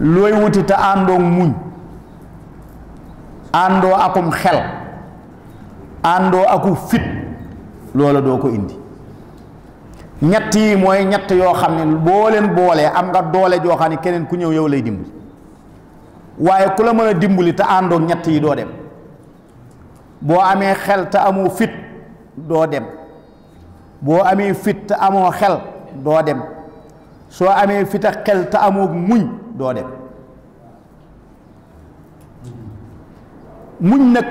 looy wuti te àndoog muñ àndoo akum xel àndoo aku fit loola doo ko indi ñett yi mooy ñett yoo xam ne boo leen boolee am nga doole joo xam ne keneen ku ñëw yow lay dimbali waaye ku la mën a dimbali te àndook ñett yi doo dem boo amee xel te amoo fit doo dem boo amee fit te amoo xel doo dem soo amee fit ak xel muñ doo muñ nag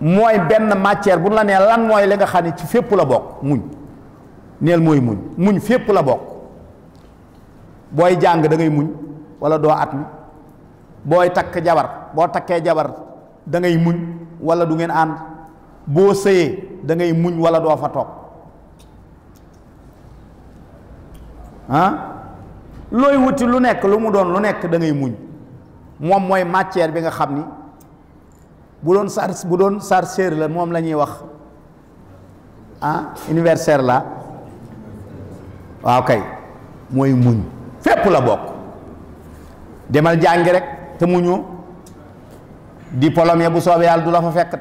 mooy benn matière bu la nee lan mooy li nga xam ne ci fépp la bokk muñ neel moy muñ muñ fepp la bok boy jang da ngay muñ wala do at boy tak jabar bo takke jabar da ngay muñ wala du ngeen and bo sëyee da ngay muñ wala do fa tok ah loy wuti lu nek lu mu don lu nek da ngay muñ mom moy matière bi nga xamni bu don sar bu don sar la mom lañuy wax ah universel la waaw kay mooy muñ fépp la bokk demal jàngi rek te muñoo diplôme ya bu soobee yàlla du la fa fekk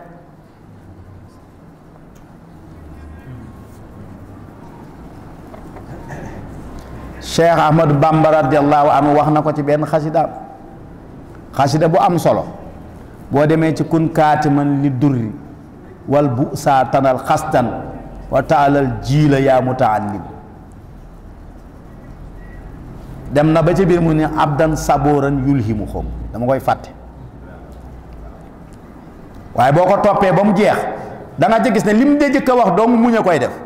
Cheikh Ahmadou Bamba radiallahu anhu wax na ko ci benn xasidaam xasida bu am solo boo demee ci kun kaatiman li durri wal bu saa xastan wa taalal jiila yaa mutaallim dem na ba ci biir mu ne abdan sabooran yulhimu xom dama koy fàtte waaye boo ko toppee ba mu jeex da nga ci gis ne lim de jëkk a wax doomu muñ koy def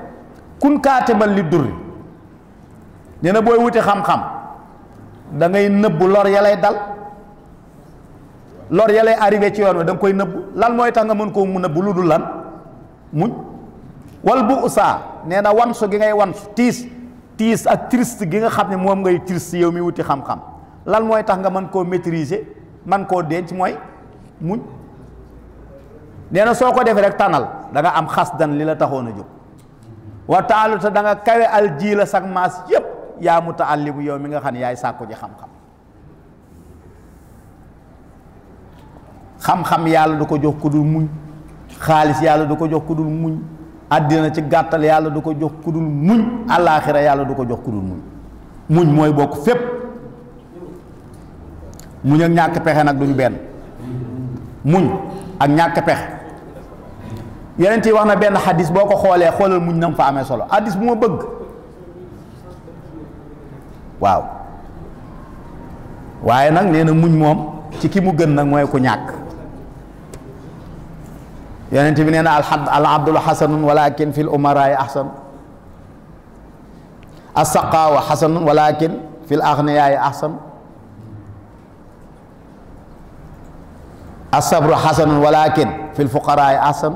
kun kaatiban li durri nee na booy wuti xam-xam da ngay nëbbu lor ya lay dal lor ya lay arrivé ci yoon wi da koy nëbb lan mooy tax nga mën koo mu nëbbu lu dul lan muñ wal bu usaa nee na wansu gi ngay wansu tiis tiis ak triste gi nga xam ne moom ngay triste yow mi wuti xam-xam lan mooy tax nga mën koo maîtriser man koo denc mooy muñ nee na soo ko defee rek tànnal danga am xas dan li la taxoon a jóg wa taalu te da nga kawe al ji la sag maas yépp yaa mutaallimu yow mi nga xam ne yaay sàkku ji xam-xam xam-xam yàlla du ko jox ku dul muñ xaalis yàlla du ko jox ku dul muñ àddina ci gàttal yàlla du ko jox kudul muñ àllaaxira yàlla du ko jox kudul muñ muñ mooy bokk fépp muñ ak ñàkk pexe nag duñ benn muñ ak ñàkk pexe yeneen ti wax na benn xadis boo ko xoolee xoolal muñ nam fa amee solo xadis bu ma bëgg waaw waaye nag nee na muñ moom ci ki mu gën nag mooy ku ñàkk يعني بن انا العبد الحسن ولكن في الامراء احسن السقاء وحسن ولكن في الاغنياء احسن الصبر حسن ولكن في الفقراء احسن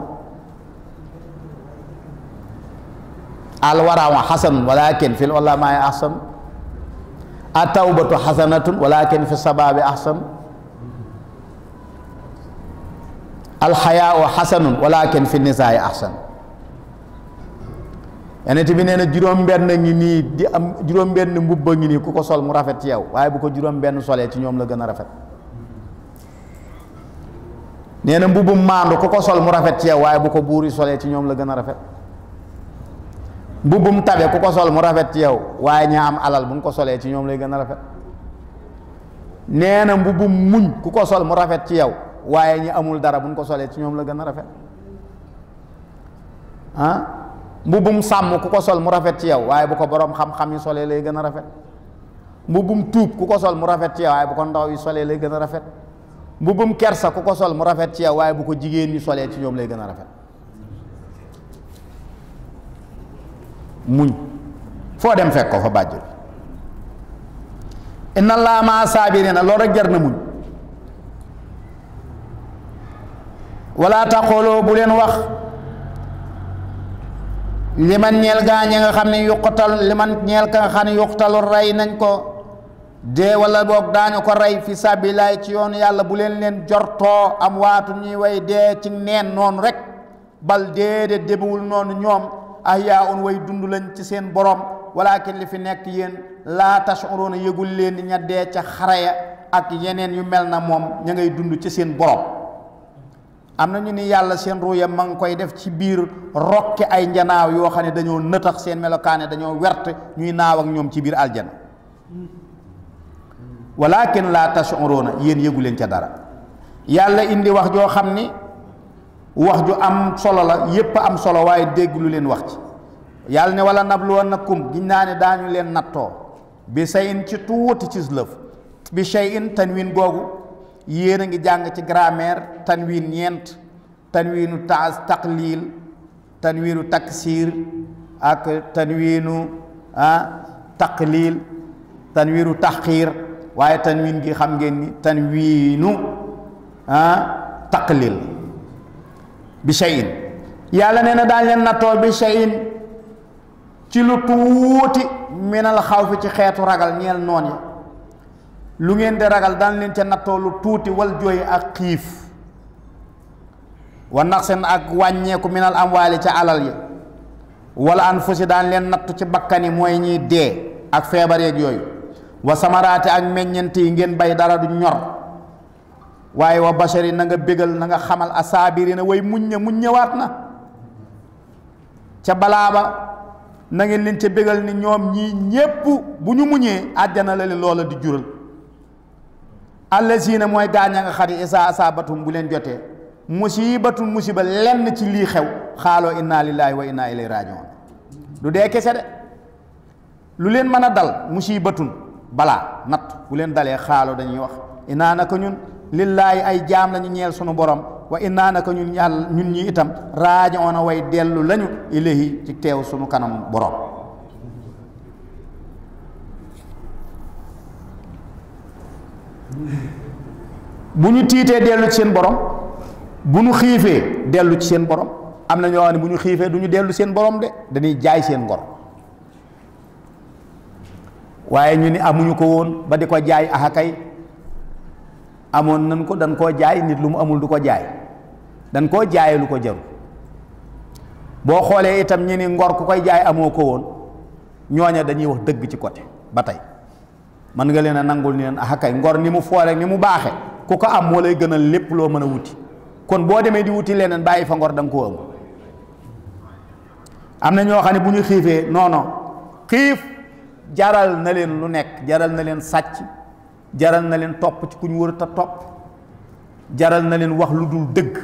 الورع حسن ولكن في العلماء احسن التوبه حسنه ولكن في الشباب احسن alxayaau xasanun walakin fi nisaayi ahsan yenent bi nee na juróom-benn ngi nii di am juróom mbubb mbubba ngi nii ku ko sol mu rafet ci yow waaye bu ko juróom-benn solee ci ñoom la gën a rafet nee na mbubbu maandu ku ko sol mu rafet ci yow waaye bu ko buuri solee ci ñoom gën a rafet mbubbum tabe ku ko sol mu rafet ci yow waaye ñaa am alal bu ñu ko solee ci ñoom lay gën a rafet nee na mbubbum muñ ku ko sol mu rafet ci yow waaye ñi amul dara buñ ko solee ci ñoom la gën a rafet ah mbubbum sàmm ku ko sol mu rafet ci yow waaye bu ko boroom xam-xam yi solee lay gën a rafet mbubbum tuub ku ko sol mu rafet ci yow waaye ndaw yi solee lay gën a rafet mbubbum kersa ku ko sol mu rafet ci yow waaye bu ko jigéen ñi solee ci ñoom lay gën a rafet muñ foo dem fekk ko fa bàjjul inna laa maa na lool rek jar na muñ wala taqooloo bu leen wax li man ñeel gaa ñi nga xam ne yuqtal li man ñeel ka nga xam ne yuqtalu rey nañ ko dee wala boog daañu ko rey fi sabilaay ci yoon yàlla bu leen leen jortoo am waatu ñuy way dee ci neen noonu rek bal déedéet débewul noonu ñoom ahyaa un way dund lañ ci seen boroom borom walakin li fi nekk yéen laa tash'uruuna yëgul leen ni ña dee ca xaraya ak yeneen yu mel na moom ña ngay dund ci seen borom am na ñu ni yàlla seen ruuya ma ngi koy def ci biir rokke ay njanaaw yoo xam ne dañoo nëtëx seen melokaane dañoo wert ñuy naaw ak ñoom ci biir aljana walakin laa tash'uruuna yéen yëgu leen ca dara yàlla indi wax joo xam ni wax ju am solo la yépp am solo waaye dégg lu leen wax ci yàlla ne wala nabluwannakum giñ naa ne daañu leen nattoo bi shay'in ci tuuti ci lëf bi shay'in tanwin googu yéen a ngi jàng ci grammaire tanwin ñeent tanwinu taas taqlil tanwinu taksiir ak tanwinu ah taqlil tanwinu taxir waaye tanwin gi xam ngeen ni tanwinu ah taqlil bi shayin yàlla nee na daañ leen nattoo bi shayin ci lu tuuti minal xaw fi ci xeetu ragal ñeel noon ya lu ngeen di ragal daan leen ca nattoo lu tuuti wal jooy ak xiif wa nax seen ak wàññeeku minal amwaali ca alal yi walla an fusi daan leen nattu ci bakkan yi mooy ñiy dee ak feebar yeeg yooyu wa samaraate ak meññent yi ngeen bay dara du ñor waaye wa bashari na nga bégal na nga xamal asaabiri na way muñ ña muñ ñëwaat na ca balaa ba na ngeen leen ca bégal ni ñoom ñii ñépp bu ñu muñee àjjana la leen loola di jural allazina mooy gaaña nga xari isa batum bu leen jotee musibatun musiba lenn ci lii xew xaaloo inna lillahi wa inna ilayhi rajiun lu dee kese de lu leen mën a dal musibatun balaa natt bu leen dalee xaaloo dañuy wax inaa naka ñun lillaahi ay jaam lañu ñeel sunu borom wa inaa naka ñun yàlla ñun ñi itam rajiuna way dellu lañu ilahi ci teew sunu kanam borom bu ñu tiitee dellu ci seen borom bu ñu xiifee dellu ci seen borom am na ñoo xam ne bu ñu xiifee du ñu dellu seen borom de dañuy jaay seen ngor waaye ñu ni amuñu ko woon ba di ko jaay axakay amoon nañ ko dañ koo jaay nit lu mu amul du ko jaay dañ koo jaayee lu ko jaru boo xoolee itam ñu ni ngor ku koy jaay amoo ko woon ñooña dañuy wax dëgg ci côté ba tey mën nga leen a nangul neen leen ah kay ngor ni mu foore ni mu baaxe ku ko am moo lay gënal lépp loo mën a wuti kon boo demee di wuti leneen bàyyi fa ngor da koo am am na ñoo xam ne bu ñu xiifee non non xiif jaral na leen lu nekk jaral na leen sàcc jaral na leen topp ci ku ñu wërata topp jaral na leen wax lu dul dëgg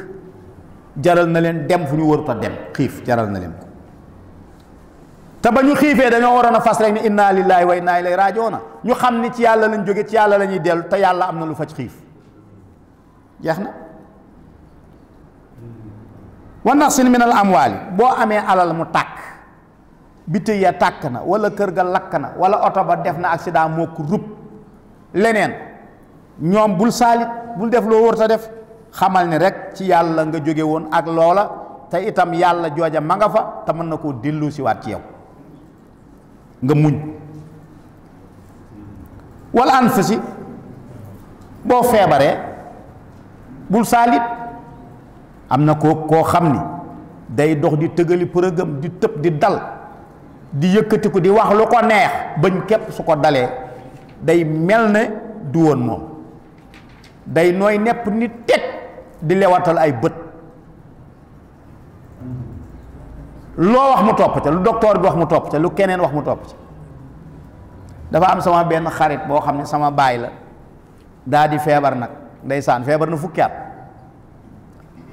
jaral na leen dem fu ñu wërata dem xiif jaral na leen ko te ba ñu xiifee dañoo waroon a fas rek ni inna lillahi wa inna ilayhi raaji'uun ñu xam ni ci yàlla lañ jóge ci yàlla la ñuy dellu te yàlla am na lu faj xiif jeex na wa naqsin min al amwaali boo amee alal mu tàkk bitig ya tàkk na wala kër ga lakk na wala oto ba def na accident moo ko rub leneen ñoom bul saalit bul def loo wër ta def xamal ni rek ci yàlla nga jóge woon ak loola te itam yàlla jooja ma nga fa te mën na koo dellu siwaat ci yow nga muñ wala an fasi boo feebaree bul saalit am na ko koo xam ni day dox di tëgali përëgam di tëb di dal di yëkkati ko di wax lu ko neex bañ képp su ko dalee day mel ne du woon moom day nooy nepp nit teg di lewatal ay bët lo wax mu top ci lu docteur bi wax mu top ci lu keneen wax mu top ci dafa am sama ben xarit bo xam sama baay la daa di feebar nag ndeysaan feebar na fukkat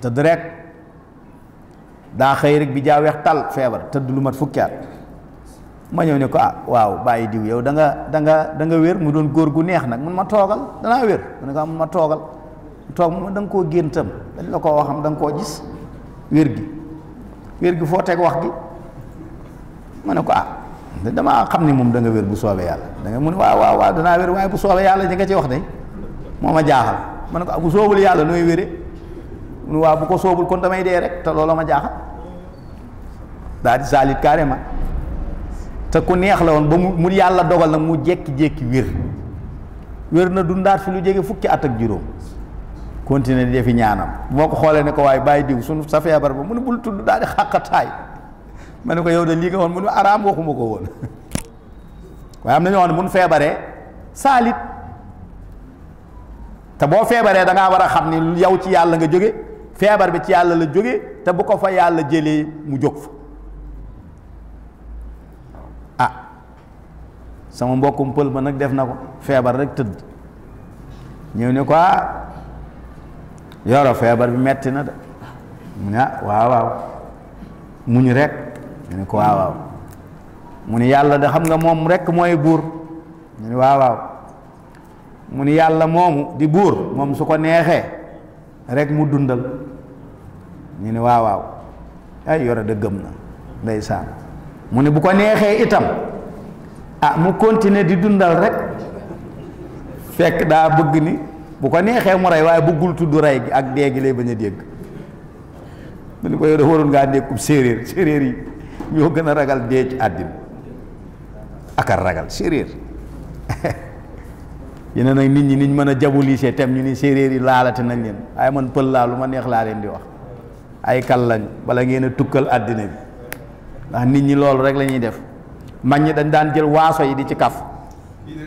te da bi jaa wex tal te du lu mat fukkat ma ñew ne ko ah waaw bàyyi diw yow da nga da nga da nga wër mu doon gor gu neex nak mun ma toogal danaa wér mu ne ko ah, mun ma togal tok mu dang ko koo dañ la ko waxam gis wër gi wér gi foo teg wax gi ma ne ko ah damaa xam ni moom da nga wér bu soobee yàlla danga nga mu ne waaw waaw waaw danaa wér waaye bu soobee yàlla ñi nga ci wax day moo ma jaaxal ma ne ko ah bu soobul yàlla nooy wére mu waaw bu ko soobul kon damay dee rek te loola ma jaaxal daal di saalit carrément te ku neex la woon ba mu mu yàlla dogal na mu jékki-jékki wér wér na dundaat fi lu jege fukki at ak juróom continuer di defi ñaanam boo ko xoolee ne ko waaye bàyyi diw suñu sa feebar ba mu ne bul tudd daal di xàqataay ma ne ko yow de lii nga woon mu ne araam waxuma ko woon waaye am na ñoo xam ne mun feebaree saalit te boo feebaree da ngaa war a xam ni yow ci yàlla nga jóge feebar bi ci yàlla la jóge te bu ko fa yàlla jëlee mu jóg fa ah sama mbokkum pël ma nag def na ko feebar rek tëdd ñëw ne ko ah, yoro feebar bi metti na de mu ne ah waaw mu ni yàlla da xam nga moom rekk mooy buur ñu ni waaw mu ni yàlla moomu di buur moom su ko neexee rekk mu dundal ñu ni waawaaw ay yoro da gëm na ndeysaan mu ni bu ko neexee itam ah mu continuer di dundal rek fekk daa bëgg ni bu ko neexee mu ray waaye bugul tuddu ray ak dee lay bañ a dégg mu ko yoro dafa nga ngaa nekkub séeréer séeréer yi ñoo gëna ragal dee ci àddina ak ragal séeréer yene nak nit ñi niñ mën a jabulisee tém ñu ni séeréer yi laalate nañ leen ay man pël la lu ma neex la leen di wax ay kal lañ bala ngeena tukkal addina bi ndax nit ñi lool rek lañuy def mag ñi dañ daan jël waaso yi di ci kaf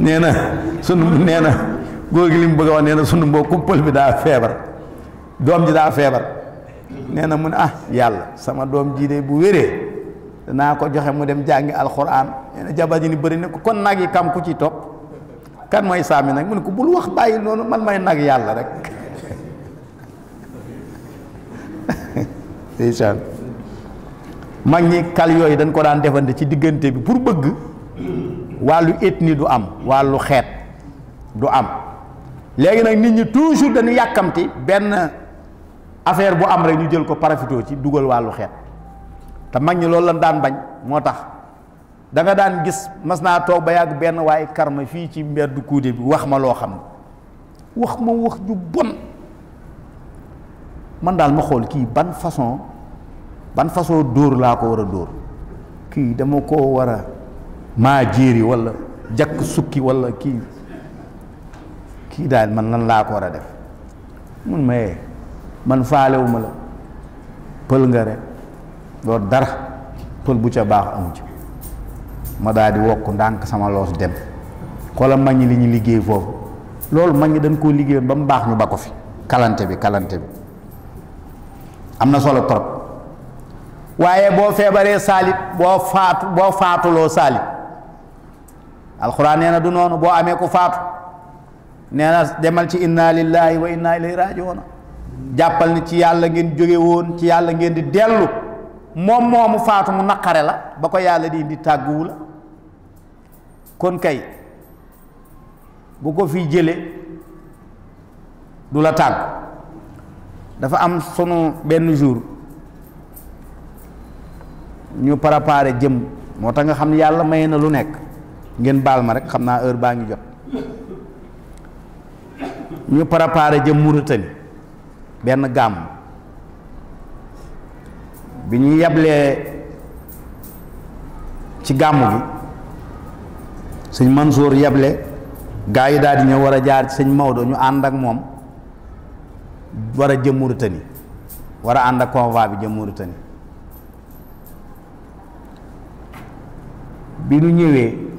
nee na sunu nee na góor gi li mu bëgg a wax nee na sunu mbokku pël bi daa feebar doom ji daa feebar nee na mu ne ah yàlla sama doom jii de bu wéree danaa ko joxe mu dem jàngi alxuraan nee jabar ji ni bari ne ko kon nag yi kam ku ci topp kan mooy saami nag mu ne ko bul wax bàyyi noonu man may nag yàlla rek ndeysaan mag ñi kal yooyu dañ ko daan defante ci diggante bi pour bëgg Walu etni du am walu xet du am léegi nak nit ñi toujours dañu yakamti ben affaire bu am rek ñu jël ko parafito ci duggal walu xet ta mag ñi loolu la daan bañ motax da nga daan gis masna tok ba yag ben way karma fi ci mbeddu koude bi wax ma lo xam wax ma wax ju bon man dal ma xol ki ban façon ban façon door la ko wara door ki dama ko wara maa jéeri wala jakk sukki walla kii kii daal man lan laa ko war a def mun ma yee man faalewu ma la pël nga rek loolu dara pël bu ca baax amu ci ma daal di wokk ndànk sama loos dem xoola ñi li ñu liggéey foofu loolu mag ñi dañ koo liggéeyoon ba mu baax ñu ba ko fi kalante bi kalante bi am na solo trop waaye boo feebaree saalit boo faatu boo faatuloo saalit alxuraan nee na du noonu boo amee ku faatu nee na demal ci inna lillahi wa inna ilayhi rajiuna jàppal ni ci yàlla ngeen jóge woon ci yàlla ngeen di dellu moom moomu faatu mu naqare la ba ko yàlla di indi tàgguwu la kon kay bu ko fi jële du la tàggu dafa am sunu benn jour ñu préparé jëm moo tax nga xam ne yàlla may na lu nekk ngeen baal ma rek xam naa heure baa ngi jot ñu préparé jëm Mauritanie benn gàmm bi ñu yablee ci gàmm bi sëñ Mansour yable gaa yi daal di ñëw war a jaar ci sëñ Maodo ñu ànd ak moom war a jëm Mauritanie war a ànd ak convoi bi jëm Mauritanie bi ñu ñëwee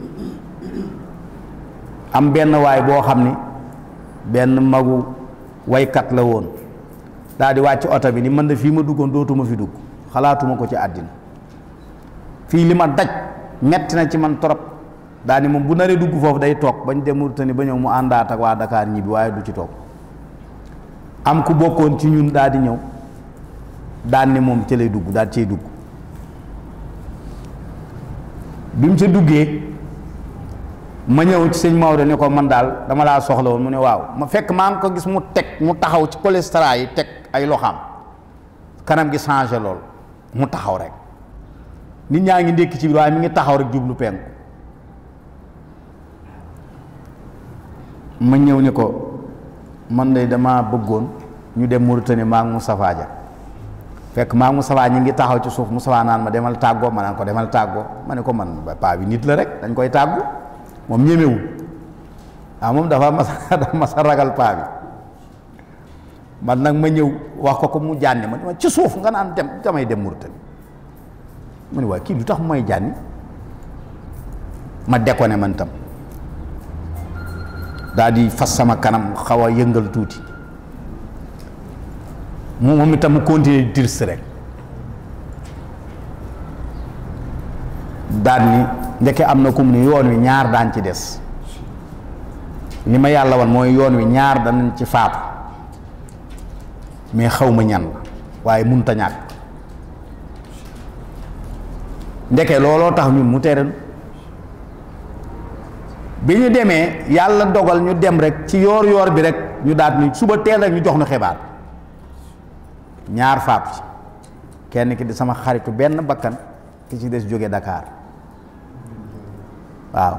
am benn waay boo xam ni benn magu waykat la woon daal di wàcc oto bi ni mën na fii ma duggoon dootuma fi dugg xalaatuma ko ci àddina fii li ma daj metti na ci man trop daa ni moom bu naree dugg foofu day toog bañ dem ni ba ñëw mu àndaata ak waa Dakar ñibbi waaye du ci toog am ku bokkoon ci ñun daal di ñëw daan ni moom ca lay dugg daal cay dugg bi mu ca duggee ma ñew ci sëñ Maodo ne ko man dal dama la soxla won mu ne waaw ma fekk ma ngi ko gis mu tek mu taxaw ci cholestérol yi tek ay loxam kanam gi changer lol mu taxaw rek nit ñaa ndek ci biir way mi ngi taxaw rek djublu penku ma ñew ne ko man day dama bëggoon ñu dem Mauritanie ma ngi Moustapha ja fekk ma ngi Moustapha ñi ngi taxaw ci suuf Moustapha naan ma demal taggo ma naan ko demal taggo ma ne ko man pa bi nit la rek dañ koy taggo moom ñemewul waaw ah, moom dafa mas dafa ragal paa man nag ma ñëw wax ko ko mu jànni ma ci suuf nga naan dem damay dem Mauritanie mu ne waaye kii lu tax mooy jànni ma déconné man tam daal di fas sama kanam xaw a yëngal tuuti moom itam mu continuer dirse rek daan ni ndekke am na kum ni yoon wi ñaar daan ci des li ma yàlla woon mooy yoon wi ñaar danañ ci faatu mais xaw ma ñan waaye munta ñàkk ndeke looloo tax ñun mu tere bi ñu demee yàlla dogal ñu dem rek ci yoor yoor bi rek ñu daat ni suba teel rek ñu jox nu xibaar ñaar faatu kenn ki di sama xaritu benn bakkan ki ci des jóge dakaar waaw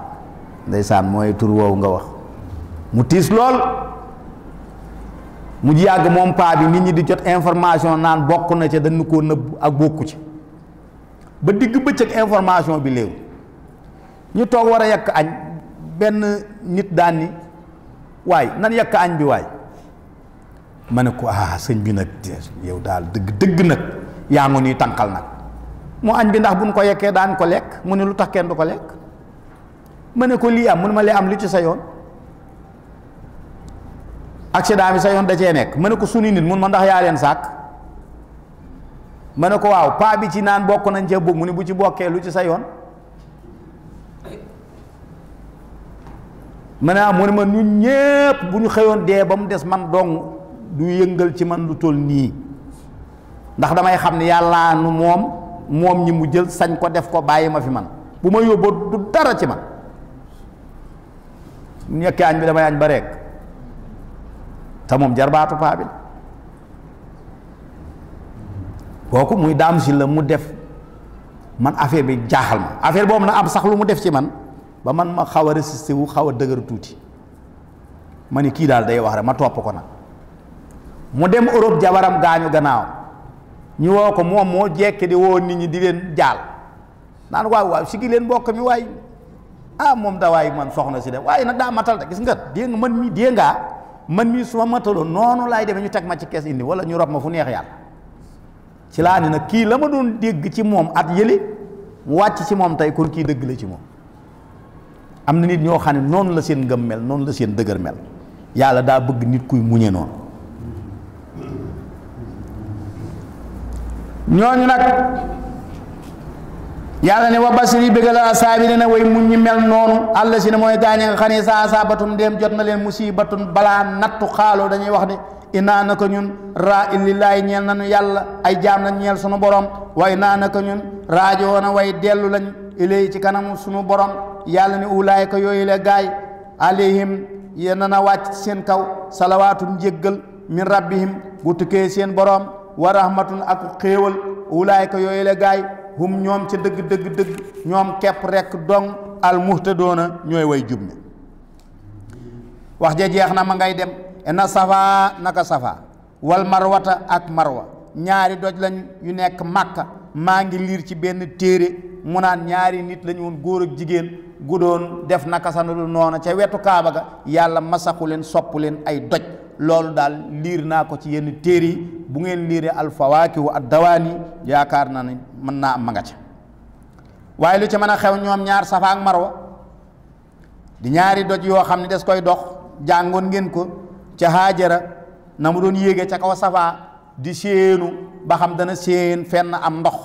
ndeysaan mooy tur wow nga wax mu tiis lool mu yàgg moom paa bi nit ñi di jot information naan bokk na ca dañu ko nëbb ak bokku ci ba digg bëccëg information bi léew ñu toog war a yekk añ benn nit daani waaye nan yekk añ bi waay ma ne ko ah, sëñ bi nag yow daal dëgg dëgg nag yaa ngi ñuy tànqal nag mu añ bi ndax buñ ko yekkee daan ko lekk mu ne lu tax kenn du ko lekk ma ne ko lii am mu ne ma lee am lu ci sa yoon accident bi sa yoon da cee nekk ma ne ko sunu nit mun ma ndax yaa leen sàkk ma ne ko waaw paa bi ci naan bokk nañ ca mu ne bu ci bokkee lu ci sa yoon ne ah, mu ne ma ñun bu ñu xëyoon dee ba des man dong du yëngal ci man lu tol nii ndax damay xam ne nu moom moom ñi mu jël sañ ko def ko bàyyi ma fi man bu ma yóbboo du dara ci man ñekki añ bi damay añ ba rekk te moom jarbaatu paa bi la muy daam si la mu def man affaire bi jaaxal ma affaire boobu na am sax lu mu def ci man ba man ma xaw a résister wu xaw a dëgër tuuti ma ni kii daal day wax rek ma topp ko nag mu dem Europe jabaram gaañu gannaaw ñu woo ko moom moo jekki di woo nit ñi di leen jaal naan waaw waaw si gi leen mbokk mi waay ah moom dawaay man soxna si de waaye nag daa matal de gis nga dégg man mii dégg ngaa man mii su ma mataloon noonu laay demee ñu teg ma ci kees indi wala ñu rob ma fu neex yàlla ci laa ne nag kii la ma doon dégg ci moom at yële mu wàcc ci moom tey kon kii dëgg la ci moom am na nit ñoo xam ne noonu la seen ngëm mel noonu la seen dëgër mel yàlla daa bëgg nit kuy muñe noonu ñooñu nag yàlla ne wa basiri bégal a saabiri na way muñ ñi mel noonu àll si ne mooy gaañe nga xam ne saa jot na leen musibatun balaa nattu xaaloo dañuy wax ne inaa naka ñun raa illillaahi ñeel nañu yàlla ay jaam lañ ñeel sunu borom wa inaa naka ñun raajoona way dellu lañ ilay ci kanamu sunu borom yàlla ne ulaayka yooyu le gaay alayhim yéen na wàcc seen kaw salawaatum njéggal min rabbihim bu seen borom wa rahmatun ak xéewal ulaayka yooyu la gaay hum ñoom ca dëgg dëgg dëgg ñoom kepp rekk dong al muhtadoona ñooy way jub wax ja jeex na ma ngay dem na safa naka safa wal marwata ak marwa ñaari doj lañ yu nekk màkka maa ngi liir ci benn téere mu naan ñaari nit lañu woon góor ak jigéen gu def naka sanulu noona ca wetu kaaba ga yàlla masaku leen soppu leen ay doj loolu dal lire na ko ci yenn téré bu ngeen al fawaki ad dawani yaakar na ne man na am ma nga ci waye lu ci mën a xew ñom ñaar safa ak marwa di ñaari doj yo xamni des koy dox jangon ngeen ko ci hajara na mu doon kaw di seenu ba xam dana seen fenn am ndox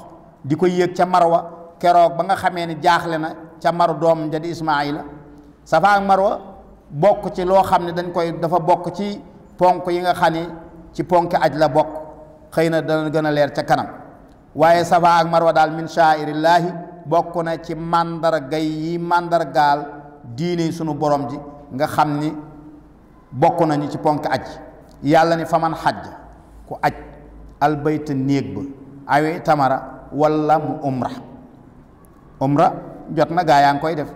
di koy yéeg ci marwa keroog ba nga xamé ni jaaxle na ci maru dom jadi ismaila safa ak marwa bok ci lo xamni dañ koy dafa bok ci ponk yi nga xam ni ci ponk aj la bokk xëy na dana gën a leer ca kanam waaye safa ak marwa daal min sha'irillaahi bokk na ci màndargay yi màndargaal diine sunu borom ji nga xam ni bokk nañu ci ponk aj yàlla ni faman xaj ku aj albayta néeg ba awe tamara wala mu umra umra jot na gaa yaa ngi koy def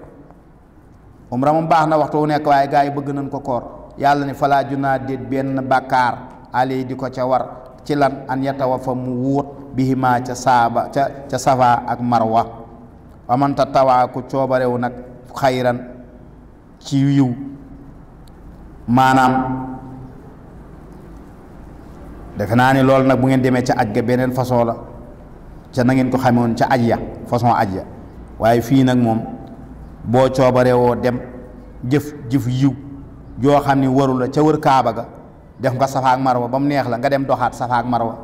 umra mu baax na waxtu wu nekk waaye gaa yi bëgg nañ ko koor yalla ni fala juna déet ben bakar ali di ko ca war ci lan an yatawafa mu wut bihima ca saba ca safa ak marwa waman tatawa ku coobarewu nak khairan ci yiw manam defe naa ni loolu nag bu ngeen deme ca ajga benen beneen façon la ca na ngeen ko xamewon ca ajja ya, façon aj ya dem jëf jëf yiw joo xam ni waru la ca wër kaaba ga def nga safa ak marwa ba mu neex la nga dem doxaat safa ak marwa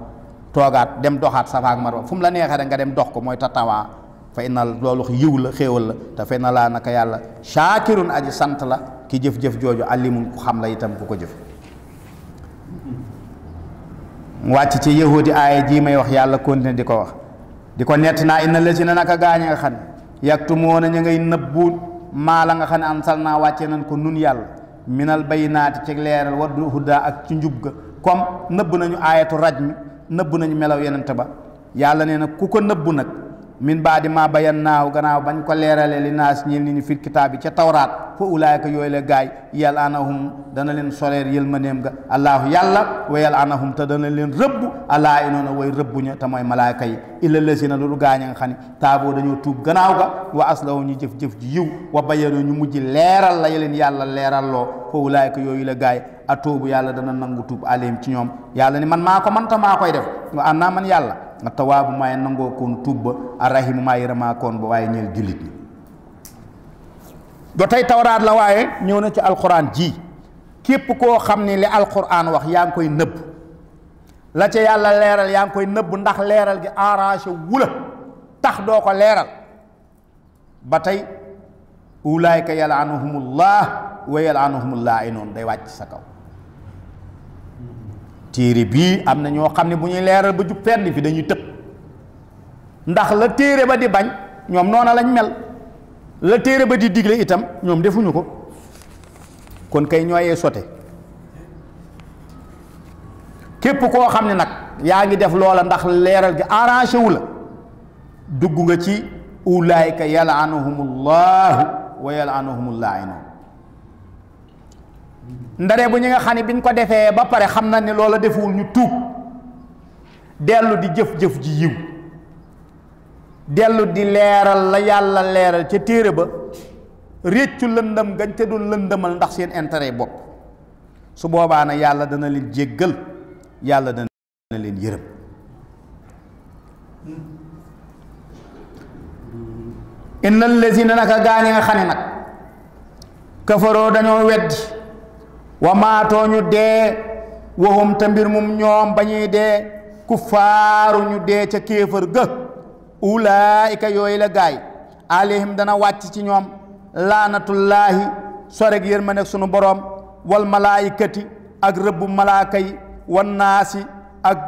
toogaat dem doxaat safa ak marwa fu mu la neexee rek nga dem dox ko mooy tatawaa fa inna loolu yiw la xéewal la te fa inna laa naka yàlla shaakirun aji sant la ki jëf-jëf jooju alimun ku xam la itam ku ko jëf wàcc ci yahudi aaya jii may wax yàlla continué di ko wax di ko nett naa inna la si na naka gaañ nga xam ne yàgtu moo na ñu ngay nëbbu maa la nga xam ne naa wàccee nañ ko nun yàlla minal bay bayinaati ci leeral waddu huddaa ak ci njub ga comme nëbb nañu aayatu raj mi nëbb nañu melaw yenente ba yàlla nee na ku ko nëbb nag min baadi ma bayan naaw gannaaw bañ ko leerale li naas ñil ni fit kitaab yi ca tawraat fa ulaayka yooyu la gaay yal anahum dana leen soleer yël ma néem nga allaahu yàlla wa yal anahum te dana leen rëbb alaa inoona way rëbbuña te mooy malaayka yi illa lasina loolu gaañ a nga xam ne taaboo dañoo tuub ganaaw ga wa aslawu ñu jëf-jëf ji yiw wa bay bayanoo ñu mujj leeral la leen yàlla leeral loo fa yooyu la gaay a toobu yàlla dana nangu tuub alayhim ci ñoom yàlla ni man maa ko manta maa koy def wa am naa man yàlla a tawaabu maaye nangoo koon tuub ba a rahimu maa yërëmaa koon tey tawraat la waaye ñëw na ci alquran ji képp koo xam ne li alquran yaa ngi koy nëbb yàlla leeral yaa ngi koy nëbb ndax leeral gi arrangé wula tax doo ko leeral ba tey ulaayka yalanuhumullah wa yalanuhumul noonu day wàcc sa kaw téere bii am na ñoo xam ne bu ñuy leeral ba jub fenn fi dañuy tëb ndax la téere ba di bañ ñoom noona lañ mel la téere ba di digle itam ñoom defuñu ko kon kay ñooyee sote képp koo xam ne nag yaa ngi def loola ndax leeral gi arrangé wu la dugg nga ci ulaayka yalaanuhumullahu wa yalaanuhumullaainoon ndare bu ñi nga xam ne biñ ko defee ba pare xam na ne loola defuwul ñu tuub dellu di jëf-jëf ji yiw dellu di leeral la yàlla leeral ca téere ba réccu lëndëm gañ te doon lëndëmal ndax seen intérêt bopp su boobaa na yàlla dana leen jéggal yàlla dana leen yërëm innal lazina naka gaa ñi nga xam ne nag kafaroo dañoo weddi wa maatoo ñu dee waxum ta mbir mum ñoom ba ñuy dee ku faaru ñu dee ca kéefër ga ulaayika yooyu la gaay alayhim dana wàcc ci ñoom laanatullaahi soreg yéen ma nekk sunu boroom wal malaayikati ak rëbbum malaaka yi wan naasi ak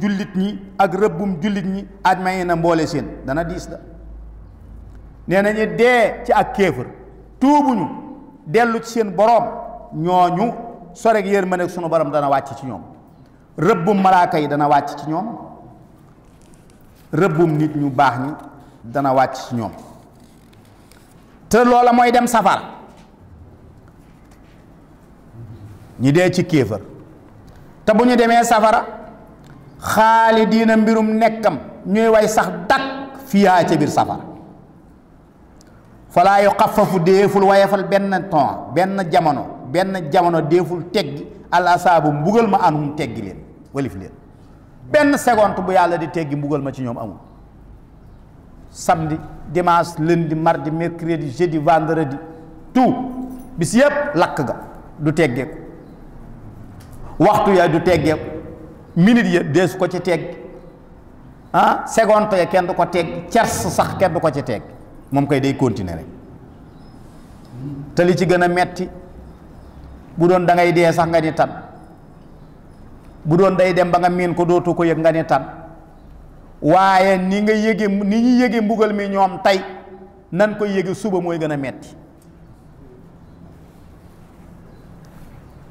jullit ñi ak rëbbum jullit ñi aj may na mboole seen dana diis la nee nañu dee ci ak kéefër tuubuñu dellu ci seen boroom ñooñu soreg yéen ma nekk sunu borom dana wàcc ci ñoom rëbbum malaaka yi dana wàcc ci ñoom rëbbum nit ñu baax ñi dana wàcc ci ñoom te loola mooy dem safara ñi dee ci kéefër te bu ñu demee safara xaalidiina mbirum nekkam ñuy way sax dak fiyaa ca biir safara falaa yuxaffafu déeful wayefal benn temps benn jamono benn jamono deeful teggi allah saabu mbugal ma anum teggi leen walif leen benn seconde bu yàlla di teggi mbugal ma ci ñoom amul samedi dimanche lundi mardi mercredi jeudi vendredi tout bis yëpp lakk ga du teggeeku waxtu ya du teggeeku minute ya deesu ko ci tegg ah ya kenn du ko tegg cers sax kenn du ko ci tegg moom koy day continuer rek te li ci gën a metti bu doon dangay ngay dee sax nga ni tan bu doon day dem ba nga miin ko dootu ko yëg nga ni tan waaye ni nga yëge ni ñu yëge mbugal mi ñoom tey nañ ko yëge suba mooy gën a metti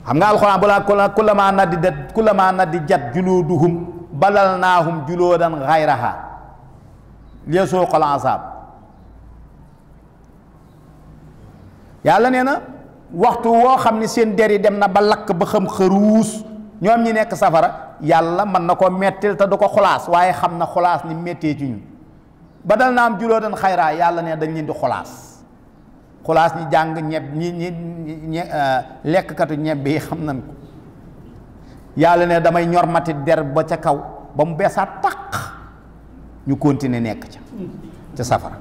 xam nga alxuraan bu laa kullamaa nadijat kullamaa nadijat juluuduhum balalnaahum juluudan xayrahaa liyasuuqal azaab yàlla nee na waxtu wo xamni seen der yi dem na ba lak ba xam xeruus ñom ñi nek safara yalla man nako metel ta duko du waye xamna waaye ni méttee ci ñu badal na am juloo dan xayraa yalla ne dañ leen di xulaas xulaas ni jang ñeb ñi ñi eh, lek katu ñeb bi xam nañ ko yalla ne damay mati der ba ca kaw ba mu besa tak ñu continuer nek ca ca safara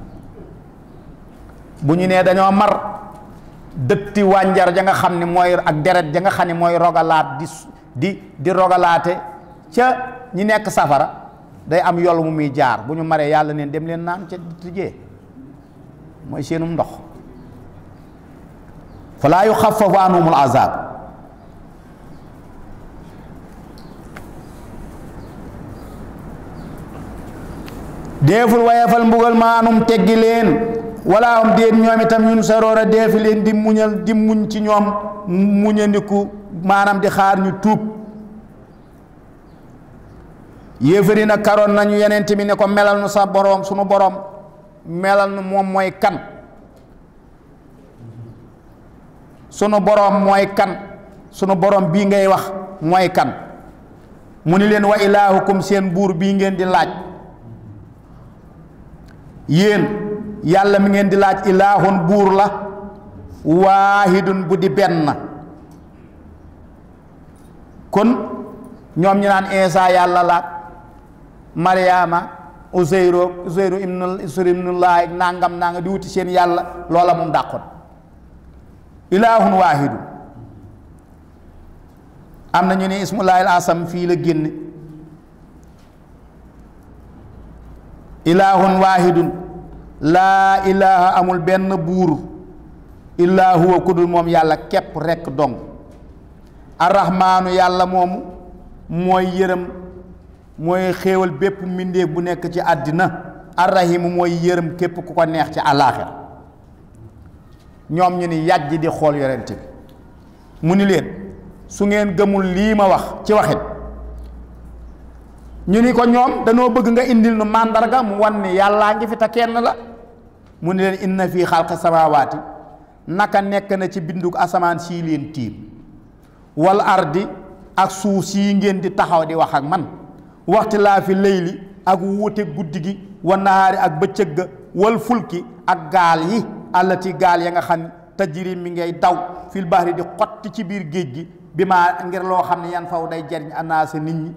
bu ñu dañoo mar dëtti wànjar ja nga xam ne mooy ak deret ja nga xam ne mooy rogalaat di di di rogalaate ca ñi nekk safara day am yool mu jaar bu ñu maree yàlla neen dem leen naan ca tijjee mooy seenum ndox falaa yuxaffafu anhumul azaab deeful wayefal mbugal maanum teggi leen wala am déet ñoom itam ñun saroor a dee fi leen di muñal di muñ ci ñoom muñandiku maanaam di xaar ñu tuub yéefari na karoon nañu yeneen mi ne ko melal nu sa boroom sunu boroom melal nu moom mooy kan sunu boroom kan sunu boroom bii ngay wax mooy kan mu ni leen wa ilaahukum seen buur bii ngeen di laaj yéen yàlla mi ngeen di laaj ilaahun buur la waahidun bu di benn kon ñoom ñu naan Iisaa yàlla la Mariama Useyro Useyro ibnu Useyro nangam nangam di wuti seen yàlla loola moom dàqoon ilaahun waahidun am na ñu ne ismullaahil asam fii la génne ilaahun waahidun laa ilaha amul benn buur illaa huwa moom yàlla képp rekk dong arrahmaanu yàlla moomu mooy yërëm mooy xéewal bépp mbindéef bu nekk ci àddina arrahimu mooy yërëm képp ku ko neex ci àllaaxira ñoom ñu ni yàgg di xool yonent bi mu ni leen su ngeen gëmul lii ma wax ci waxit ñu ni ko ñoom danoo bëgg nga indil nu màndarga mu wan ni yàllaa ngi fi kenn la mu ne leen inna fii xalqa samaawaati naka nekk na ci bindug asamaan sii leen tiim wal ardi ak suuf sii ngeen di taxaw di wax ak man waxti laa fi layli ak wuute guddi gi wa ak bëccëg ga wal fulki ak gaal yi allati gaal yi nga xam tajiri mi ngay daw fil bahri di xotti ci biir géej gi bi maa ngir loo xam ne yan faw day jariñ anaasa nit ñi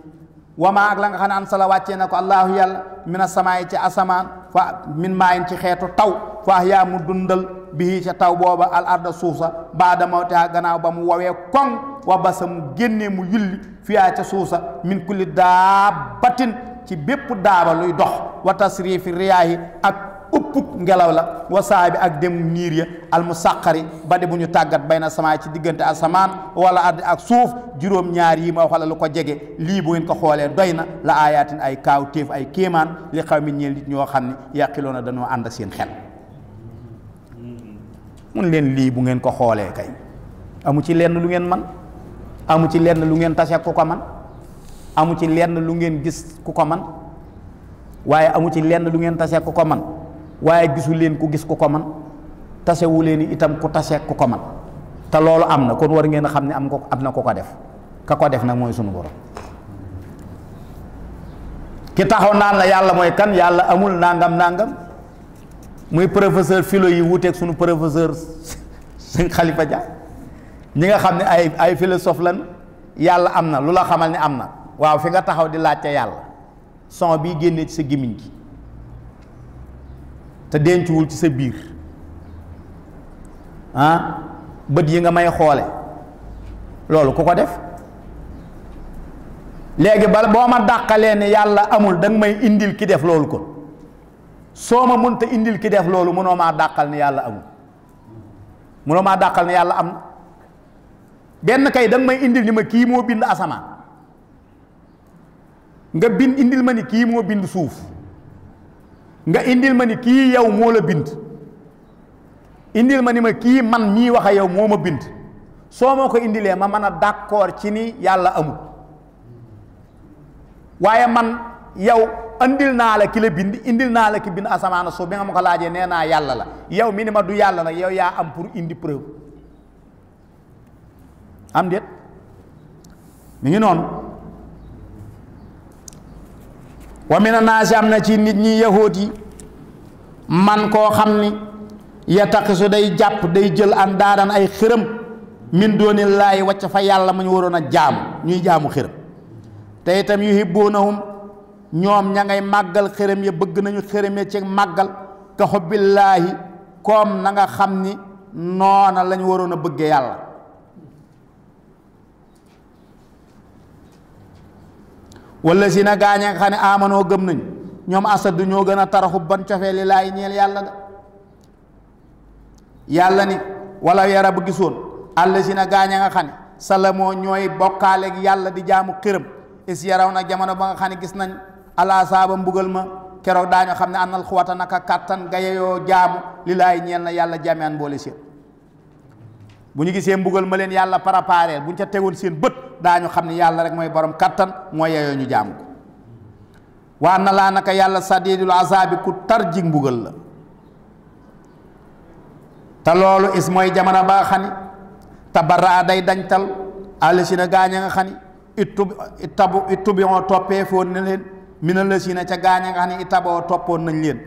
wamaa ak la nga an sala wàccee na ko allaahu yàlla mina samaay ci asamaan fa min maayin ci xeetu taw fa yaa mu dundal bii ca taw booba alarda arda baada sa baada mawtiha gannaaw ba mu wowee koŋ wa basa mu génnee mu yulli fiyaa ca suuf sa min kulli daabatin ci bépp daaba luy dox wa tasriifi riyaahi ak ëppub ngelaw la wasaa bi ak dem niir ya al mu sàqari ba de bu ñu tàggat bay na samaa ci diggante asamaan wala ad ak suuf juróom ñaar yi ma wax la lu ko jege lii bu ngeen ko xoolee doy na la aayaatin ay kaaw téef ay kéemaan li xaw mi ñeel ñoo xam ne yàqiloona dañoo ànd seen xel mun leen lii bu ngeen ko xoolee kay amu ci lenn lu ngeen man amu ci lenn lu ngeen tase ku ko man amu ci lenn lu ngeen gis ku ko man waaye amu ci lenn lu ngeen tase ku ko man waye gisul len ku gis ku ko man len itam ku tassé ku ko man ta lolu amna kon war ngeen xamni am ko amna na ko ko def ka ko def nak moy sunu borom ki taxo nan la yalla moy kan yalla amul nangam nangam moy professeur philo yi ak sunu professeur sen khalifa ja ñi nga xamni ay ay philosophe lan yalla amna. lula xamal ni amna waaw fi nga taxaw di laajte yalla son bi génné ci sa gimiñ gi te dencuwul ci sa biir ah, bët yi nga may xoole loolu ku ko def léegi bal boo ma dàqalee ne yàlla amul danga may indil ki def loolu ko soo ma mënta indil ki def loolu mënoo maa dàqal ne yàlla amul mënoo maa dàqal ne yàlla am na benn kay danga may indil ni ma kii moo bind asamaan nga bind indil ma ni kii moo bind suuf nga indil ma ni kii yow moo la bind indil ma ni ma kii man mii wax a yow moo ma bind soo ma ko indilee ma mën a d'accord ci ni yàlla amul waaye man yow indil naa la ki la bind indil naa la ki bind asamaan suuf bi nga ma laajee nee naa yàlla la yow mi ma du yàlla na yow yaa am pour indi preuve am déet mi ngi noonu wa mina naasi am na ci nit ñi yahoot yi man koo xam ni ya yataqisu day jàpp day jël an daaraan ay xërëm min doonillaahi wàcc fa yàlla mu ñu waroon a jaamu ñuy jaamu xërëm te itam yuhibbuunahum ñoom ña ngay màggal xërëm ya bëgg nañu xërëm ya ci màggal ka xubbillaahi koom na nga xam ni noona lañu waroon a bëggee yàlla wala si na gaañ nga xam amanoo gëm nañ ñoom asadu ñoo gën a taraxu ban cofee li laay ñeel yàlla da yàlla ni wala yara bu gisoon àll si na gaañ nga xam ne salamoo ñooy bokkaaleeg yàlla di jaamu këram is yaraw na jamono ba nga xam ne gis nañ ala saaba mbugal ma keroog daañu xam ne am na ak naka kàttan ga yeyoo jaamu li laay ñeel na yàlla jameen boole si bu ñu gisee mbugal ma leen yàlla préparé bu ñu ca tegoon seen bët daañu xam ne yàlla rek mooy borom kàttan mooy yeyoo ñu jaam ko waa na laa naka yàlla sadidul azabi ku tar jig mbugal la te loolu is mooy jamono ba xani te baraa day dañtal àllasina gaañ a nga xani ittub ittabu ittubio toppee foon na leen mina la ca gaañ a nga xam ne itaboo toppoon nañ leen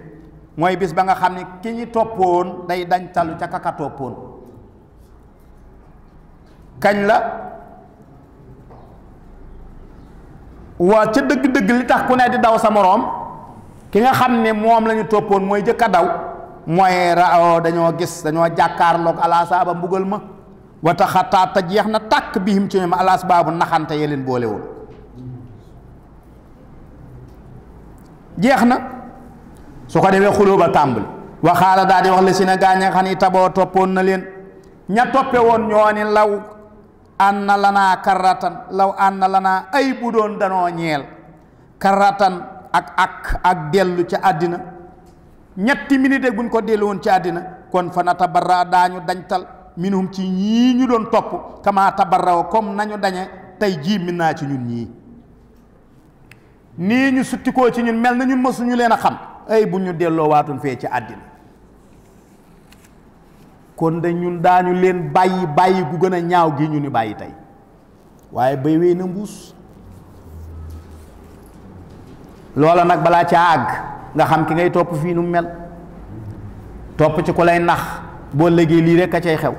mooy bis ba nga xam ne ki ñu toppoon day dañtalu ca kaka toppoon kañ la waa ca dëgg-dëgg li tax ku ne di daw sa moroom ki nga xam ne moom lañu toppoon mooy jëkk a daw mooy ra oh, dañoo gis dañoo jàkkaarloog alaasaaba mbugal ma wata xataa jeex na tàkk bihim ci ñoom alaas baabu naxante yee leen boolewul jeex na su ko defee xuloo ba tàmbali waxaala daal di wax la si na gaañ a taboo toppoon na leen ña toppe woon ñoo ni law an na lanaa karratan law an na lanaa ay bu doon danoo ñeel karatan ak ak ak dellu ca àddina ñetti minute buñ ko dellu woon ci àddina kon fa na tabarra daañu dañtal minhum ci ñii ñu doon topp kama tabarraw comme nañu dañe tey jii min naa ci ñun ñii nii ñu suttikoo ci ñun mel na ñun mësuñu leen a xam ay bu ñu delloo waatun fee ci àddina kon de ñun daañu leen bàyyi bàyyi bu gën a ñaaw gi ñu ni bàyyi tey waaye bay wéy na mbuus loola nag balaa ci àgg nga xam ki ngay topp fii nu mel topp ci ku lay nax boo léegi lii rek a cay xew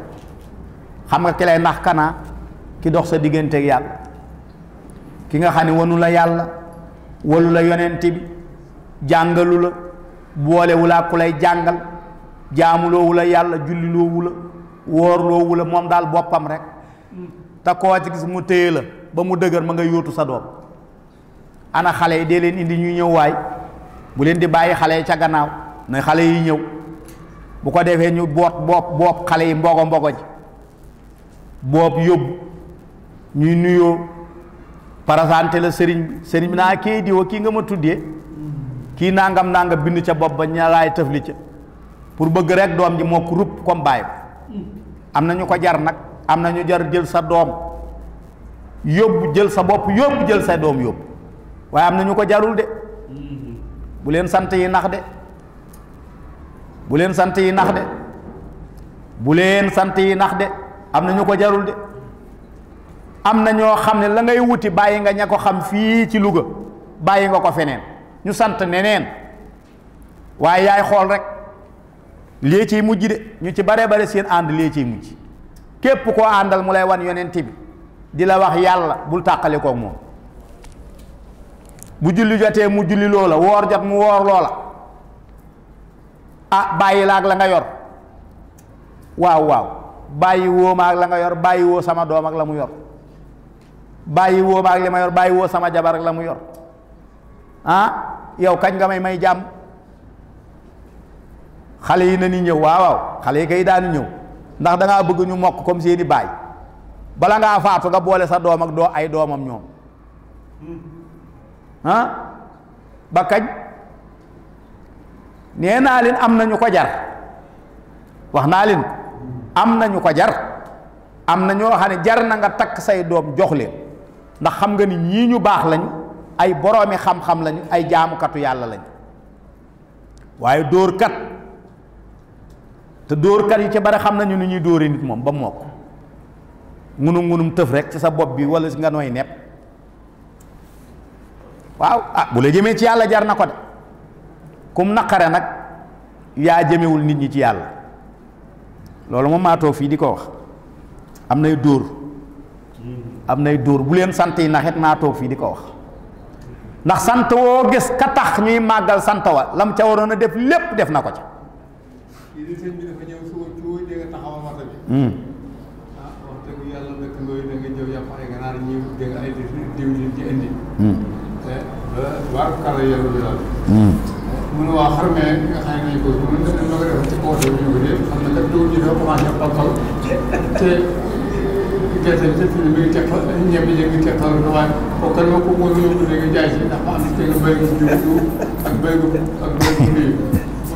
xam nga ki lay nax kanaa ki dox sa digganteeg yàlla ki nga xam ne wanu la yàlla walu la yonent bi jàngalu la boolewulaa ku lay jàngal jaamuloowu wula yàlla julliloowu la woorloowu la moom daal boppam rek te koo ci gis mu téye la ba mu dëgër ma nga yóotu sa doom ana xale yi de leen indi ñuy ñëw waay bu leen di bàyyi xale yi ca gannaaw na xale yi ñëw bu ko defee ñu boot bopp bopp xale yi mbogo mbogo ji bopp yóbbu ñuy nuyoo parasanté la sëriñ bi sëriñ bi naa kii diwa kii nga ma tuddee kii nangam nangam bind ca bopp ba ña laay tëfli ca pour bëgg rek doom ji moo ko rupp comme bàyyi ko am na ñu ko jar nag am na ñu jar jël sa doom yóbbu jël sa bopp yóbbu jël sa doom yóbbu waaye am na ñu ko jarul de bu leen sant yi nax de bu leen sant yi nax de bu sant yi nax de am na ñu ko jarul de am na ñoo xam ne la ngay wuti bàyyi nga ña ko xam fii ci Louga bàyyi nga ko feneen ñu sant neneen waaye yaay xool rek lii mujj de ñu ci baree bare seen ànd lii ciy mujj képp koo àndal mu lay wan yonent bi di la wax yàlla bul tàqali koog moom bu julli jotee mu julli loola woor jot mu woor loola ah bàyyi la ak la nga yor waaw waaw bàyyi woo ma ak la nga yor bàyyi woo sama doom ak la mu yor bàyyi woo ak li ma yor bàyyi woo sama jabar ak la mu yor ah yow kañ nga may may jàmm xale yi na ni ñëw waaw xale yi kay daanu ñëw ndax da bëgg ñu mokk comme seeni baay bala ngaa faatu nga boole sa doom ak doo ay doomam ñoom hmm. ah ba kañ nee naa leen am nañu ko jar wax naa leen am nañu ko jar am na ñoo xam ne jar na nga takk say doom jox leen ndax xam nga nit ñii ñu baax lañu ay boroomi xam-xam lañu ay jaamukatu yàlla lañu waaye dóor kat te dóorkat yi ca bari xam nañu ni ñuy dóoree nit moom ba mu mokk ngunum ngunum tëf rek ci sa bopp bi wala si nga nooy nepp waaw ah bu la jëmee ci yàlla jar na ko de kum naqare nag yaa jëmewul nit ñi ci yàlla loolu moom maa toog fii di ko wax am nay dóor am nay dóor bu leen sant yi naxit maa toog fii di ko wax ndax sant woo gis ka tax ñuy màggal sant wa lam ca waroon a def lépp def na ko ca li sëñ bi dafa ñëw suba tuuti di nga taxawal wata bi. Hmm. ah wax yàlla dëkk yooyu da jëw yàpp ay ganaar ñi ñu ko dee xam ji dafa commencé te gerte bi ci mi ji ngi teqal waaye kooku a bu ak béy bu ak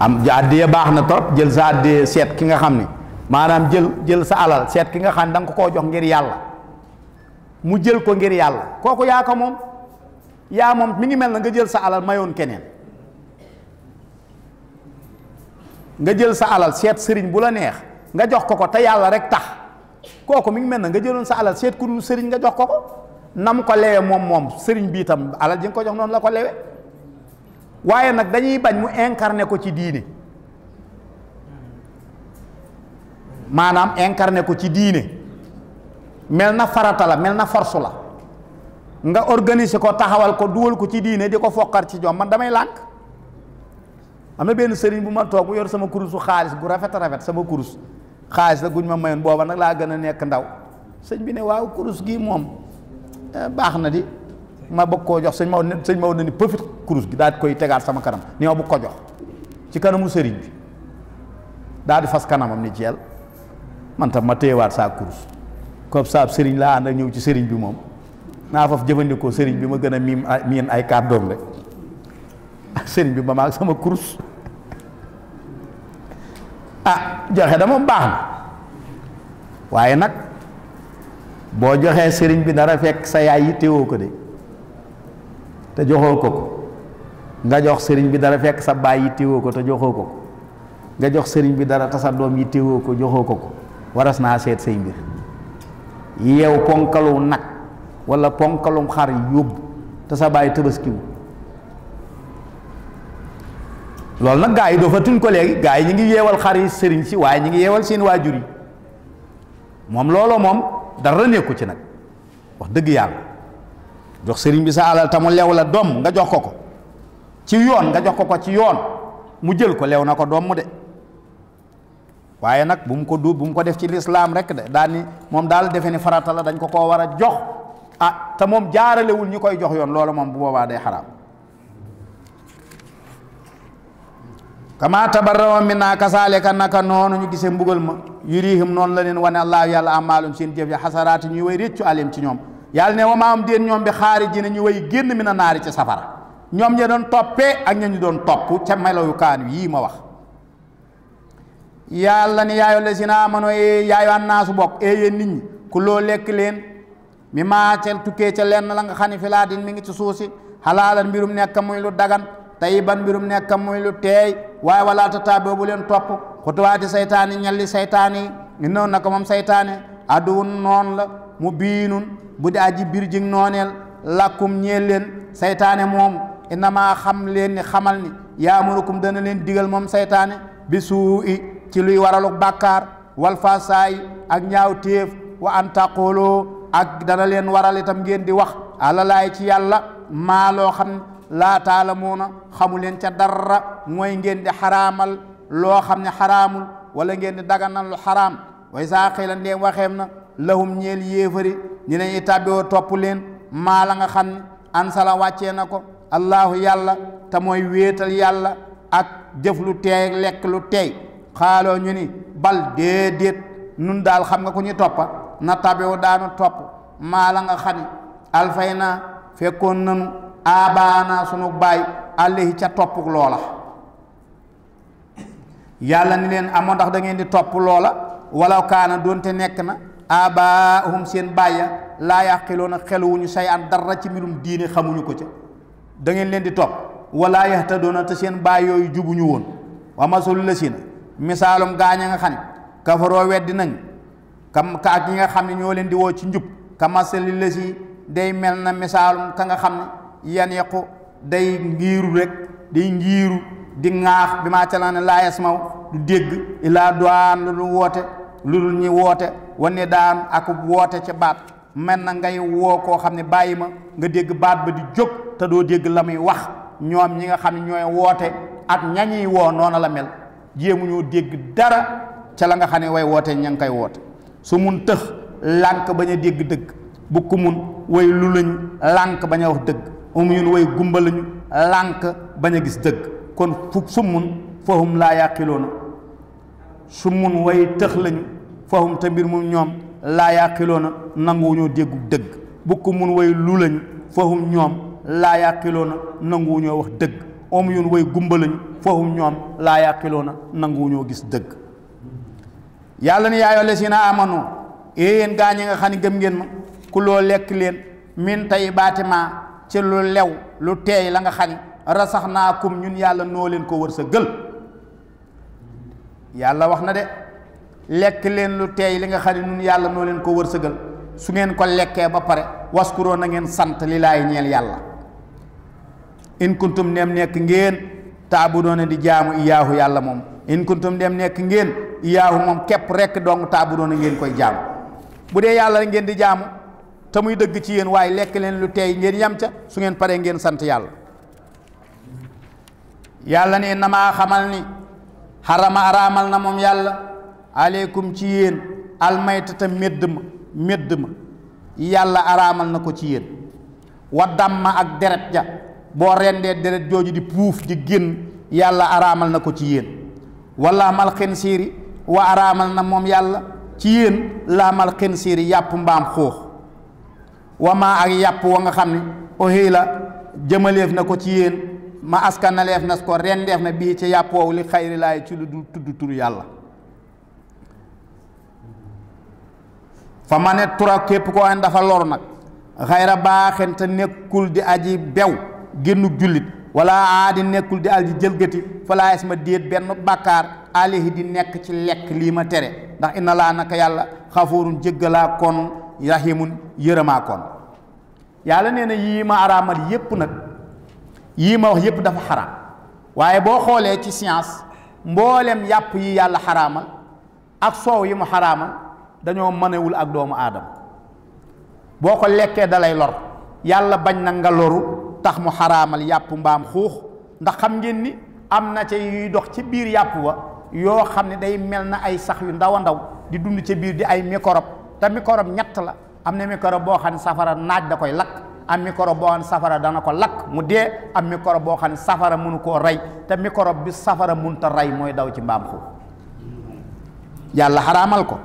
am àddiya baax na trop jël sa àddiya seet ki nga xam ni maanaam jël jël sa alal seet ki nga xam ne da nga ko koo jox ngir yàlla mu jël ko ngir yàlla kooku yaa ko moom yaa moom mi ngi mel na nga jël sa alal mayoon keneen nga jël sa alal seet sëriñ bu la neex nga jox ko ko te yàlla rek tax kooku mi ngi mel na nga jëloon sa alal seet ku sëriñ nga jox ko ko nam ko lewe moom moom sëriñ bi itam alal ji nga ko jox noonu la ko lewe waaye nag dañuy bañ mu incarné ko ci diine maanaam incarné ko ci diine mel na farata la mel na force la nga organiser ko taxawal ko duwal ko ci diine di ko foqar ci jom man damay lànk am na benn sëriñ bu ma toog bu yor sama kurusu xaalis gu rafet rafet sama kurus xaalis la guñ ma mayoon booba nag laa gën a nekk ndaw sëñ bi ne waaw kurus gi moom eh, baax na di ma bëgg koo jox sëñ Maodo ne sëñ Maodo ni pëfit kurus gi daal koy tegaat sama kanam ni ma bëgg ko jox ci kanamu sëriñ bi daal di fas kanamam ni jeel man tam ma téyewaat saa kurus comme saab sëriñ laa ànd ak ñëw ci sëriñ bi moom naa faf jëfandikoo sëriñ bi ma gën a miim miin ay kàddoom rek ak sëriñ bi ba ma ak sama kurus ah joxe dama baax na waaye nag boo joxee sëriñ bi dara fekk sa yaay yi téewoo ko de te joxoo ko ko nga jox sëriñ bi dara fekk sa baay yittewoo ko te joxoo ko ko nga jox sëriñ bi dara te sa doom yittewoo ko joxoo ko ko waras naa seet say mbir yeew ponkalu nag wala ponkalum xar yóbbu te sa baay tëbaskiwu loolu nag gaa doo fa tuñ ko léegi gaa yi ñu ngi yeewal xar yi sëriñ si waaye ñu ngi yeewal seen waajur yi moom looloo moom dara nekku ci nag wax dëgg yàlla jox sëriñ bi sa alal ta mu lew la doom nga jox ko ko ci yoon nga jox ko ko ci yoon mu jël ko lew na ko doom mu de waaye nag bu mu ko du bu mu ko def ci lislaam rek de daa ni moom daal defe ni farata la dañ ko ko war a jox a ah, te moom jaaralewul ñi koy jox yoon loolu moom bu boobaa day xaraam kama tabarrawa min naa kasaalika naka noonu ñu gisee mbugal ma yurihim noonu la leen wane allah yàlla amaalum seen jëf ya xasaraati ñuy way réccu alim ci ñoom yàlla ne wa maam déen ñoom bi xaari ji ne ñu way génn mi na naari ci safara ñoom ña doon toppee ak ña ñu doon topp ca meloyu kaan yii ma wax yàlla ne yaayu la si naa amano e yaayu annaasu bokk e yéen nit ñi ku loo lekk leen mi maa ca tukkee ca lenn la nga xam ne din mi ngi ci suuf si xalaalan mbirum nekk muy lu dagan tayiban mbirum nekk muy lu teey waaye walaa tataaboo bu leen topp xutuwaati saytaani ñelli saytaani yi noonu na ko moom saytaane aduwun noonu la mu biinun bu di aji bir jing nooneel làkkum ñeel leen saytaane moomu innama xam leen ni xamal ni kum dana leen digal moom saytaane bi suu i ci luy waraluk bàkkaar wal fasaay ak ñaaw téef wa an taqooloo ak dana leen waral itam ngeen di wax alalaay ci yàlla maa loo xam ne laa taalamuuna xamu leen ca darra mooy ngeen di xaraamal loo xam ne xaraamul wala ngeen di daganal lu xaraam way saa xëy la waxeem na lahum ñeel yéefari ñi nañu topp leen maa la nga xam ne ansala wàccee na ko allahu yàlla te mooy wéetal yàlla ak jëf lu teey lekk lu teey xaaloo ñu ni bal déedéet nun daal xam nga ku ñu toppa na tabewu daanu topp maa la nga xam ne alfay naa fekkoon nanu aabaana sunu baay àllihi ca topp loola yàlla ni leen amoon ndax da di topp loola walaw kaana doonte nekk na abaahum seen baay bàyya laa yaqiloona xeluwuñu say an dara ci mbirum diine xamuñu ko ca da ngeen leen di topp walaa yahtadoona te seen baay yooyu jubuñu woon wa masalu lasina misaalum gaañ a nga xam ne kafaroo weddi nañ nga xam ne ñoo leen di woo ci njub ka masali lasi day mel na misaalum ka nga xam yan yequ day ngiiru rek day ngiiru di ŋaax bi maa ca ne laa yasmaw du dégg ilaa doaan lu woote lu dul ñi woote wane daan ak woote ca baat mel na ngay woo koo xam ne bàyyi ma nga dégg baat ba di jóg te doo dégg la muy wax ñoom ñi nga xam ne ñooy woote ak ña ñañuy woo noona la mel jéemu ñoo dégg dara ca la nga xam ne way woote ña ngi koy woote su mun tëx lànk bañ a dégg dëgg bu ku mun woy lu lañu lànk bañ a wax dëgg um yun woy gumba lañu lànk bañ a gis dëgg kon fu su mun fahum laa yaqiloona summun way tëx lañu fahum te mbir mu ñoom laa yàqiloona nanguwuñoo déggu dëgg bukku mun way lu lañu fahum ñoom laa yàqiloona nanguwuñoo wax dëgg om yun way gumba lañu fahum ñoom laa yàqiloona nanguwuñoo gis dëgg yàlla ne yaayoo le si na amano yéen gaa nga xam ne gëm ngeen ma ku loo lekk leen min tey baatimaa ci lu lew lu teey la nga xam rasax naa kum ñun yàlla noo leen ko wër sa gël yàlla wax na de lekk leen lu teey li nga xam ne nun yàlla noo leen ko wërsëgal su ngeen ko lekkee ba pare waskuroo na ngeen sant li laay ñeel yàlla in kuntum dem nekk ngeen taabudoona di jaamu iyaahu yàlla moom in kuntum dem nekk ngeen iyaahu moom képp rekk dong taabudoona ngeen koy jaamu bu dee yàlla ngeen di jaamu te muy dëgg ci yéen waaye lekk leen lu tey ngeen yam ca su ngeen paree ngeen sant yàlla yàlla ne na xamal ni xarama araamal na moom yàlla aleykum ci yéen almaytata médd ma médd ma yàlla araamal na ko ci yéen wa damma ak deret ja boo rendee deret jooju di puuf di génn yàlla araamal na ko ci yéen wa laamal xinsiiri wa araamal na moom yàlla ci yéen laamal xinsiiri yàpp mbaam xuux wa maa ak yàpp wa nga xam ne oxii jëmaleef na ko ci yéen ma aska naleef nas ko rendeef na bii ci yàpp woowu li xayri laay ci lu dul tudd tur yàlla fa ma ne tura képp koo xam dafa lor nag xayra baaxen te nekkul di aji bew génnug jullit walla aadi nekkul di aji jëlgati fa laa es ma déet benn bàkkaar alihi di nekk ci lekk lii ma tere ndax ina laa naka yàlla xafuurun jéggalaa kon rahimun yërëmaa kon yàlla nee na yii ma araamal yépp nag yii ma wax yépp dafa xaraam waaye boo xoolee ci science mboolem yàpp yi yàlla xaraamal ak soow yi mu xaraamal dañoo mënewul ak doomu aadama boo ko lekkee dalay lor yàlla bañ na nga loru tax mu xaraamal yàpp mbaam xuux ndax xam ngeen ni am na ca yuy dox ci biir yàpp wa yoo xam ne day mel na ay sax yu ndaw a ndaw di dund ci biir di ay microbe te microbe ñett la am na microbe boo xam ne safara naaj da koy lakk am microbe boo xam ne safara danga ko lakk mu dee am microbe boo xam ne safara mënu koo rey te microbe bi safara mënut a rey mooy daw ci mbaam xuux yàlla xaraamal ko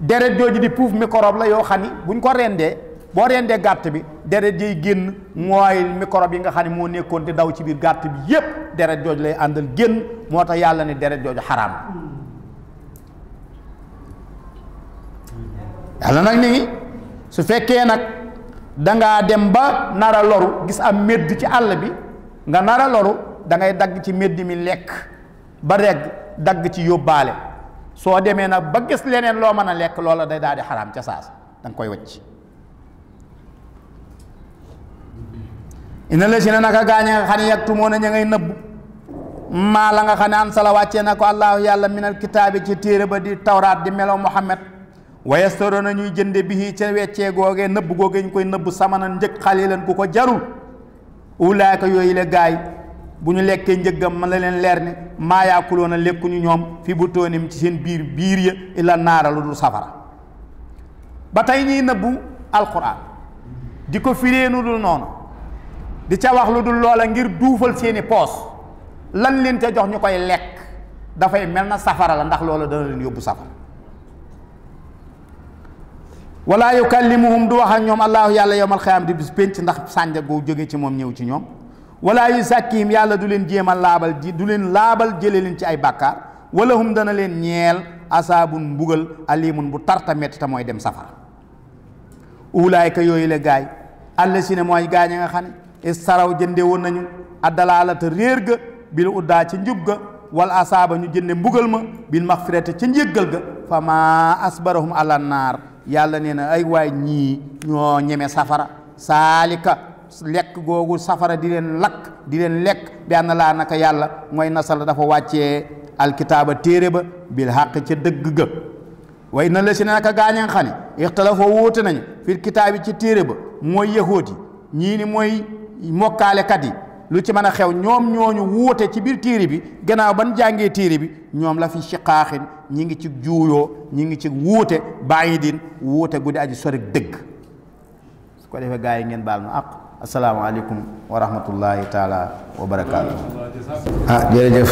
deret jooju di puuf microbe la yoo xam ni buñ ko rendee boo rendee gàtt bi deret jiy génn mooy microbe yi nga xam ne moo nekkoon di daw ci biir gàtt bi yépp deret jooju lay àndal génn moo tax yàlla ne deret jooju xaraam yàlla nag ni su fekkee nag danga dem ba nar a loru gis am médd ci àll bi nga nar a loru da ngay dagg ci medd mi lekk ba regg dagg ci yóbbaale soo demee nag ba gis leneen loo mën a lekk loola day daal di xaraam ca saas da nga koy wacc ina la si naka gaañe nga xam ne yàgg tumoo na ña ngay nëbb maa la nga xam ne am sala wàccee na ko allahu yàlla minal kitaabi ci téere ba di tawraat di melo muhammad wayastaro na ñuy jënde bi ca weccee googee nëbb googee ñu koy nëbb samanan njëg leen ku ko jarul ulaaka yooyu la gaay bu ñu lekkee njëggam man la leen leer ne maa yaakuloona ñu ñoom fi bu toonim ci seen biir biir ya illa naara lu dul safara ba tey ñuy nëbbu alquran di ko firee nu dul noonu di ca wax lu dul loola ngir duufal seeni poos lan leen ca jox ñu koy lekk dafay mel na safara la ndax loola dana leen yóbbu safara wala yukallimuhum du wax ak ñoom allahu yàlla yowmal xiyaam di bis pénc ndax sànja goo jóge ci moom ñëw ci ñoom wala yu sàkkihim yàlla du leen jéem a laabal ji du leen laabal jële leen ci ay bàkkaar wala hum dana leen ñeel asaabun mbugal alimun bu tarta metti mooy dem safara ulaayka yooyu la gaay àll si ne mooy gaañ nga xam ne istaraw jënde woon nañu addalaalata réer ga bil uddaa ci njub ga wal asaaba ñu jënde mbugal ma bil maxfirata ca njëggal ga yàlla nee na ay waay ñii ñoo ñeme safara saalika lekk googu safara di leen lakk di leen lekk bi ànd laa naka yàlla mooy nasala dafa wàccee alkitaaba téere ba bil xàq ca dëgg ga way na la si ne naka gaaña nga xam ne ixtilafa wuute nañu fil kitaabi ci téere ba mooy yahuut yi ñii ni mooy mokkaalekat yi lu ci mën a xew ñoom ñooñu wuute ci biir tiiri bi gannaaw ban jàngee tiiri bi ñoom la fi shiqaaxin ñi ngi ci juuyoo ñi ngi ci wuute bàyyi din wuute gu di aji sori dëgg su ko defee gars yi ngeen baal ma àq asalaamaaleykum wa rahmatullahi taala wa barakaatu ah jërëjëf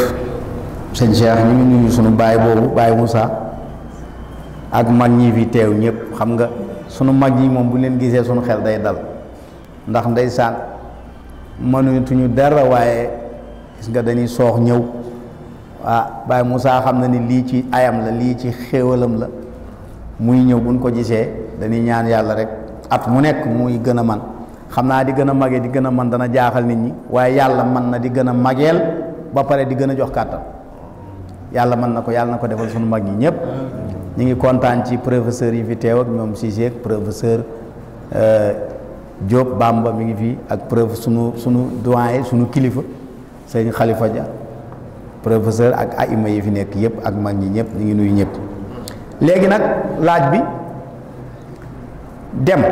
sëñ Cheikh ñu ngi baay boobu baay Moussa ak mag ñi fi teew ñëpp xam nga sunu mag ñi moom bu leen gisee sunu xel day dal ndax ndeysaan mënutuñu dara waaye gis nga dañuy soox ñëw ah Baye Moussa xam na ni lii ci ayam la lii ci xéewalam la muy ñëw buñ ko jisee dañuy ñaan yàlla rek at mu nekk muy gën a man xam naa di gën a magee di gën a man dana jaaxal nit ñi waaye yàlla man na di gën a mageel ba pare di gën a jox kàttan yàlla man na ko yàlla na ko defal suñu mag ñi ñëpp ñu ngi kontaan ci professeur yi fi teew ak ñoom Cissé ak professeur euh, Diop Bamba mi ngi fii ak preuve sunu sunu doyen sunu kilifa sëñ xalifa ja professeur ak aima yi fi nekk yëpp ak mag ñi ñëpp ñu ngi nuyu ñëpp léegi nag laaj bi dem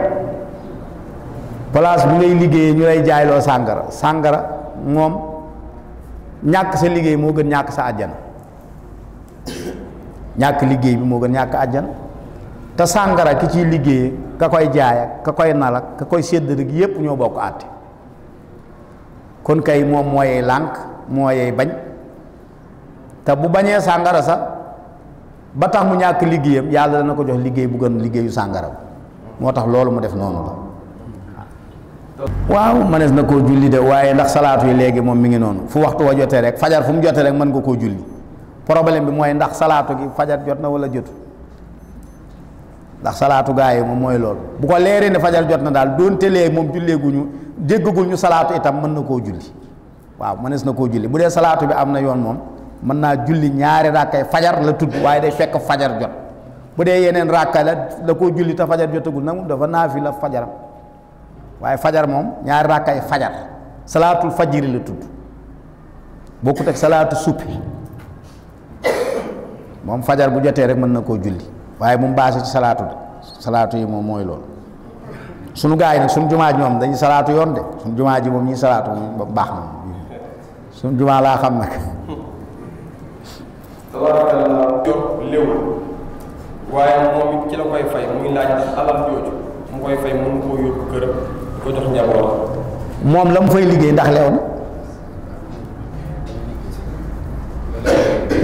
place bu ngay liggéeyee ñu lay jaayloo sàngara sàngara moom ñàkk sa liggéey moo gën ñàkk sa àjjana ñàkk liggéey bi moo gën ñàkk àjjana te sàngara ki ciy liggéeye ka koy jaay ak ka koy nal ak ka koy sedd gi yépp ñoo bokk àtte kon kay moom mooyey lànk mooyey bañ te bu bañee sàngara sax ba tax mu ñàkk liggéeyam yàlla dana ko jox liggéey bu gën liggéeyu sàngara moo tax loolu mu def noonu la waaw mënees na koo julli de waaye ndax salaatu yi léegi moom mi ngi noonu fu waxtu wa jotee rek fajar fu mu jotee rek mën nga koo julli problème bi mooy ndax salaatu gi fajar jot na wala jot ndax salaatu gaa yi moom mooy loolu bu ko leeree ne fajar jot na daal doonte lee moom julleeguñu déggagul ñu salaatu itam mën na koo julli waaw mënees na koo julli bu dee salaatu bi am na yoon moom mën naa julli ñaari rakkay fajar la tudd waaye day fekk fajar jot bu dee yeneen rakka la la koo julli te fajar jotagul nag moom dafa naafi la fajaram waaye fajar moom ñaari rakkay fajar salaatul fajiri la tudd bokkut ak salaatu suppi moom fajar bu jotee rek mën na koo julli waaye bu mu baase ci salaatu de salaatu yi moom mooy lool sunu gars yi nag sunu jumaa ji ñoom dañuy salaatu yoon de sunu jumaa ji moom ñuy salaatu moom baax na sunu laa xam nag. moom it la koy fay muy laaj ndax mu koy fay liggéey ndax lew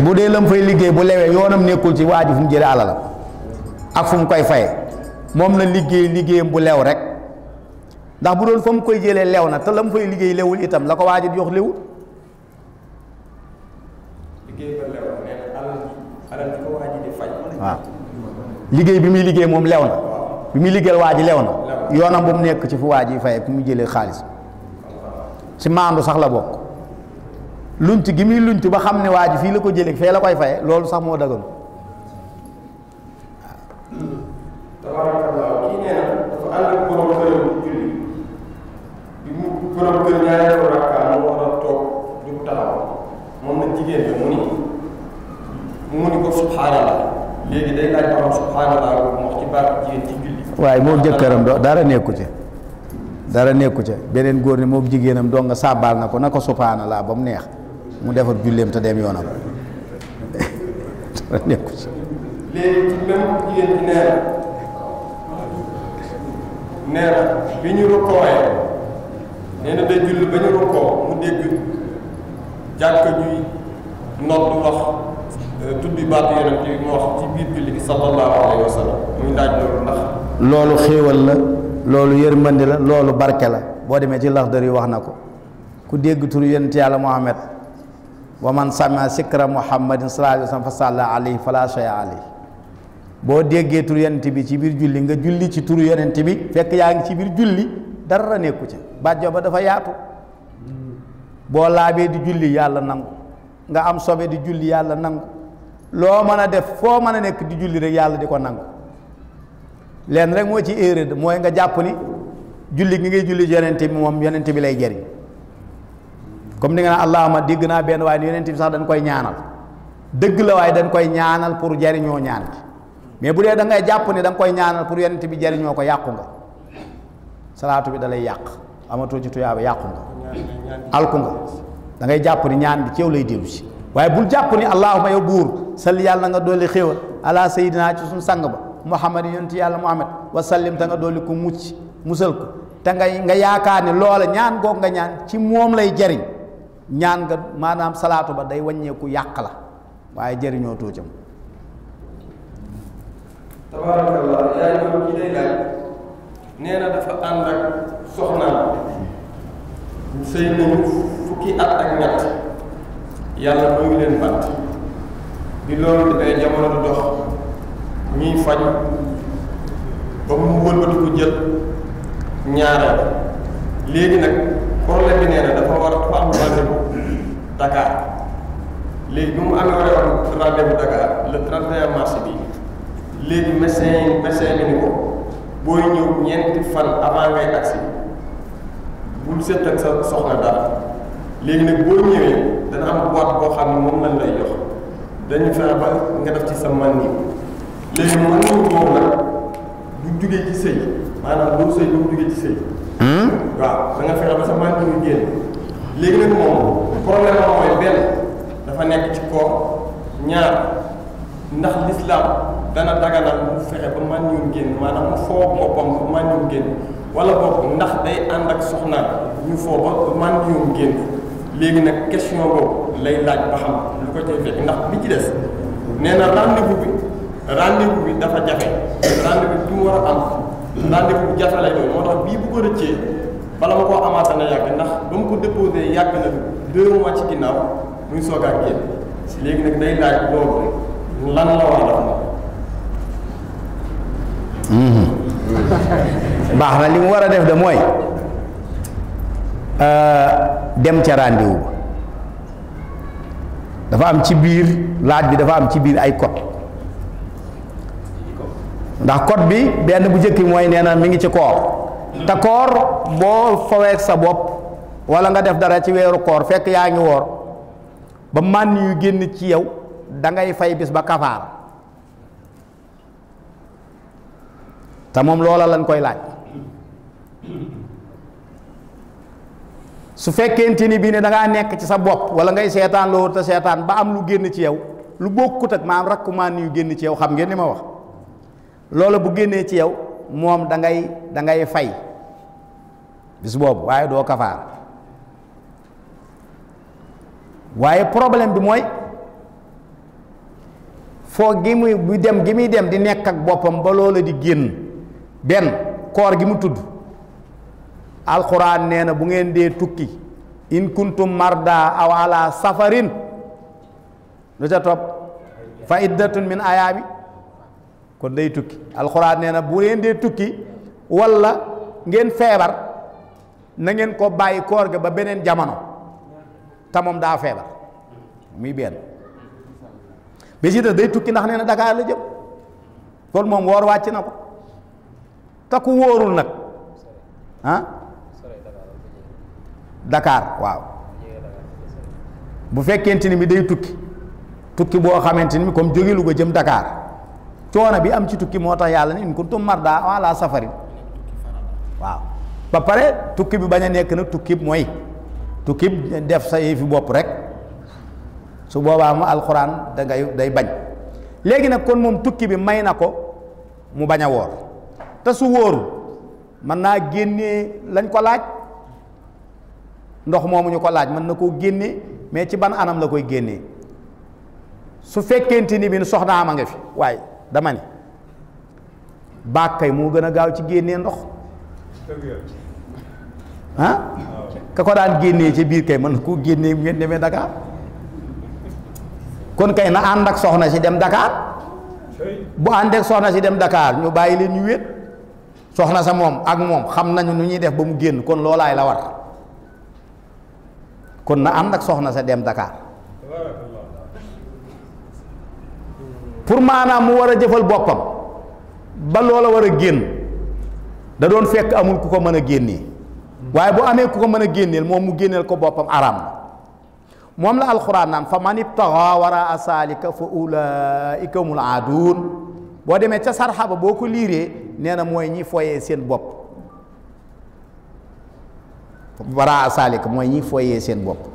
bu dee la mu fay liggéey bu lewee yoonam nekkul ci waaju fu mu jëlee alalam. ak fu mu koy faye moom na liggéey liggéeyam bu lew rek ndax bu doon fa mu koy jëlee lew na te la mu fay liggéey lewul itam la ko waaj a jox lewul liggéey bi muy liggéey moom lew na bi muy liggéeyal waa ji lew na yoonam bu mu nekk ci fu waa ji faye fu mu jëlee xaalis ci maandu sax la bokk luñt gi muy lunt ba xam ne waa ji fii la ko jëlee fee la koy faye loolu sax moo dagan waaye moo jëkkëram do dara nekku ca dara nekku ca beneen góor ne moom jigéenam doo nga sàbbaal na ko na ko subhaanallah ba mu neex mu defar julleem te dem yoonam dara nekku ca léegi ci même jigéen ci nee na bi ñu rukkooyee nee na julli ba ñu rukkoo mu dégg jàkk ñuy nodd wax euh, tuddi baatu yonent bi mu wax ci biir julli gi sallallahu alayhi wa sallam muy laaj loolu ndax loolu xéewal la loolu yërmandi la loolu barke la boo demee ci Laxdari wax na ko ku dégg turu yonent yàlla Muhammad wa man sama sikra Muhammadin sallallahu alayhi wa fa salla alayhi fala boo déggee turu yonent bi ci biir julli nga julli ci turu yonent bi fekk yaa ngi ci biir julli dara nekku ci bàjjo ba dafa yaatu boo laabee di julli yàlla nangu nga am sobe di julli yàlla nangu loo mën a def foo mën a nekk di julli rek yàlla di ko nangu lenn rek moo ci erreur mooy nga jàpp ni julli gi ngay julli yonent bi moom yonent bi lay jëriñ comme ni nga naan allahuma dégg naa benn waaye ni bi sax dañ koy ñaanal dëgg la waaye dañ koy ñaanal pour jariñoo ñaan mais bu dee da ngay jàpp ni danga koy ñaanal pour yonent bi jariñoo ko yàqu nga salaatu bi da lay yàq amatoo ci tuyaaba yàqu nga alku nga da ngay jàpp ni ñaan bi ci lay dellu si waaye bul jàpp ni allahuma yow buur salli yàlla nga dooli xew ala sayidina ci suñu sang ba muhammad ti yàlla muhammad wa sallim te nga dooli ko mucc musal ko te nga nga yaakaar ne loola ñaan goog nga ñaan ci moom lay jariñ ñaan maanaam salaatu ba day waññeeku yàq la waaye jëriñoo tuucam tabarakallah nee na dafa ànd ak soxnaam sëy nañu fukki at ak ñett yàlla mu ngi leen bant bi loolu dafay jamono dox ñuy faj ba mu wëlbatiku jël ñaareel léegi nag problème bi nee na dafa war a am rendez-vous léegi bi mu amee war a am rendez le 31 mars bi léegi médecin médecin bi ni booy ñëw ñeenti fan avant ngay agsi bul seet ak sa soxla dara léegi nag boo ñëwee dana am boîte boo xam ne moom lañ lay jox dañu fexe ba nga def ci sa man nii léegi man nii boobu nag du jugee ci sëy maanaam boo sëy du jugee ci sëy hmm? waaw da nga fexe ba sa man léegi nag moom problème mooy benn dafa nekk ci koor ñaar ndax lislaam dana daganal mu fexe ba man ñu génn maanaam mu foo boppam ba man ñu génn wala bopp ndax day ànd ak soxna ñu foo ba man génn léegi nag question boobu lay laaj ba xam lu ko cay fekk ndax li ci des nee na rendez-vous bi rendez-vous bi dafa jafe rendez-vous bi mu war a am rendez bu jafe lay moo tax bii bu ko rëccee bala ma koo amaat na yàgg ndax ba mu ko déposé yàgg na deux mois ci ginnaaw muy soog ak léegi nag day laaj boobu Mhm. baax na li mu war a def de mooy euh, dem ca rendez ba dafa am ci biir laaj bi dafa am ci biir ay code ndax kot bi benn bu njëkk mooy nee na mi ngi ci koor te koor boo fawee sa bopp walla nga def dara ci weeru koor fekk yaa ngi woor ba mànn yu génn ci yow dangay ngay fay bis ba kafaara te moom loola lañ koy laaj su fekkente ni bii ne dangaa nekk ci sa bopp wala ngay seetaan loo te seetaan ba am lu génn ci yow lu bokkut ak maam rakku maan yu génn ci yaw xam ngeen ni ma wax loola bu génnee ci yow moom dangay dangay da ngay fay bis boobu waaye doo kafaar waaye problème bi mooy foo gi muy bu dem gi muy dem di nekk ak boppam ba loola di génn. benn koor gi mu tudd alxuraan nee na bu ngeen dee tukki in kuntum marda aw ala safarin lu ca topp fa min ayaami kon day tukki alxuraan nee na bu ngeen dee tukki walla ngeen feebar na ngeen ko bàyyi koor gi ba beneen jamono te moom daa feebar muy benn bi ci day tukki ndax nee na Dakar la jëm kon moom woor wàcc na ko taku ku Dakar waaw bu fekkente mi day tukki tukki bo xamanteni mi comme jogelu ga jëm Dakar coono bi am ci tukki moo yalla ni in kuntum marda wala safari, waaw ba pare tukki bi baña nek na tukki moy tukki def sa al bop rek su boba mu alquran da ngay day bañ legi nak kon mom tukki bi may nako mu baña wor. te su wóoru mën naa génnee lañ ko laaj ndox moomu ñu ko laaj mën na koo génne mais ci ban anam la koy génnee su fekkente ni bi am a nga fi waaye dama ni baag kay moo gën a gaaw ci génnee ndox ah ka ko daan génnee ci biir kay mën na koo génnee ngeen demee Dakar kon kay na ànd ak soxna si dem Dakar bu ànd ak soxna si dem dakaar ñu bàyyi leen ñu wéet soxna sa moom ak moom xam nañu nu ñuy def ba mu génn kon loolaay la war kon na ànd ak soxna sa dem Dakar pour maanaam mu war a jëfal boppam ba loola war a génn da doon fekk amul ku ko mën a génnee waaye bu amee ku ko mën a génneel moom mu génneel ko boppam araam la moom la alxuraan naan fa man ibtaxa wara asalika fa ulaika humul aaduun boo demee ca sarxaba boo ko liiree nee na mooy ñi fooyee seen bopp bara saalik mooy ñi fooyee seen bopp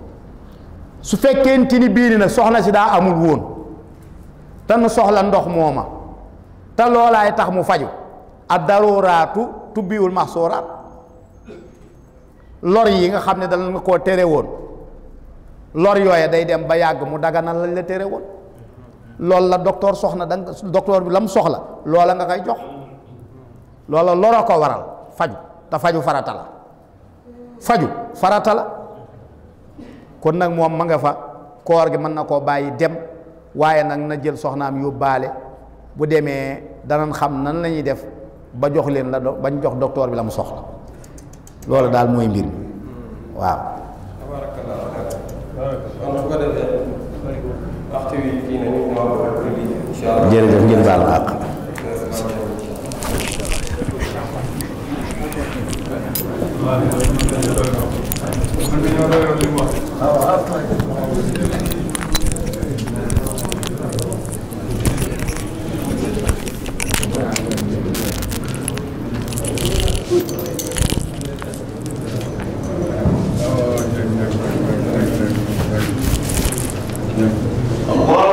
su fekkente ni biiri na soxna si daa amul woon te nu soxla ndox mooma te loolaay tax mu faju ad daruraatu tubbiwul maxsuuraat lor yi nga xam ne dal nga koo tere woon lor yooya day dem ba yàgg mu dagana lañ la tere woon lol la docteur soxna dang nga docteur bi lam soxla lol nga kay jox loola loro ko waral faju ta faju farata la faju farata la kon nak mom ma nga fa koor gi man nako bayyi dem waye nang na jël soxnaam bale bu demee ham xam nan lañuy def ba jox len la bañ jox docteur bi lam soxla lol dal moy mbir waaw. jërëjëf ngeen baal ma àq Yeah. Allah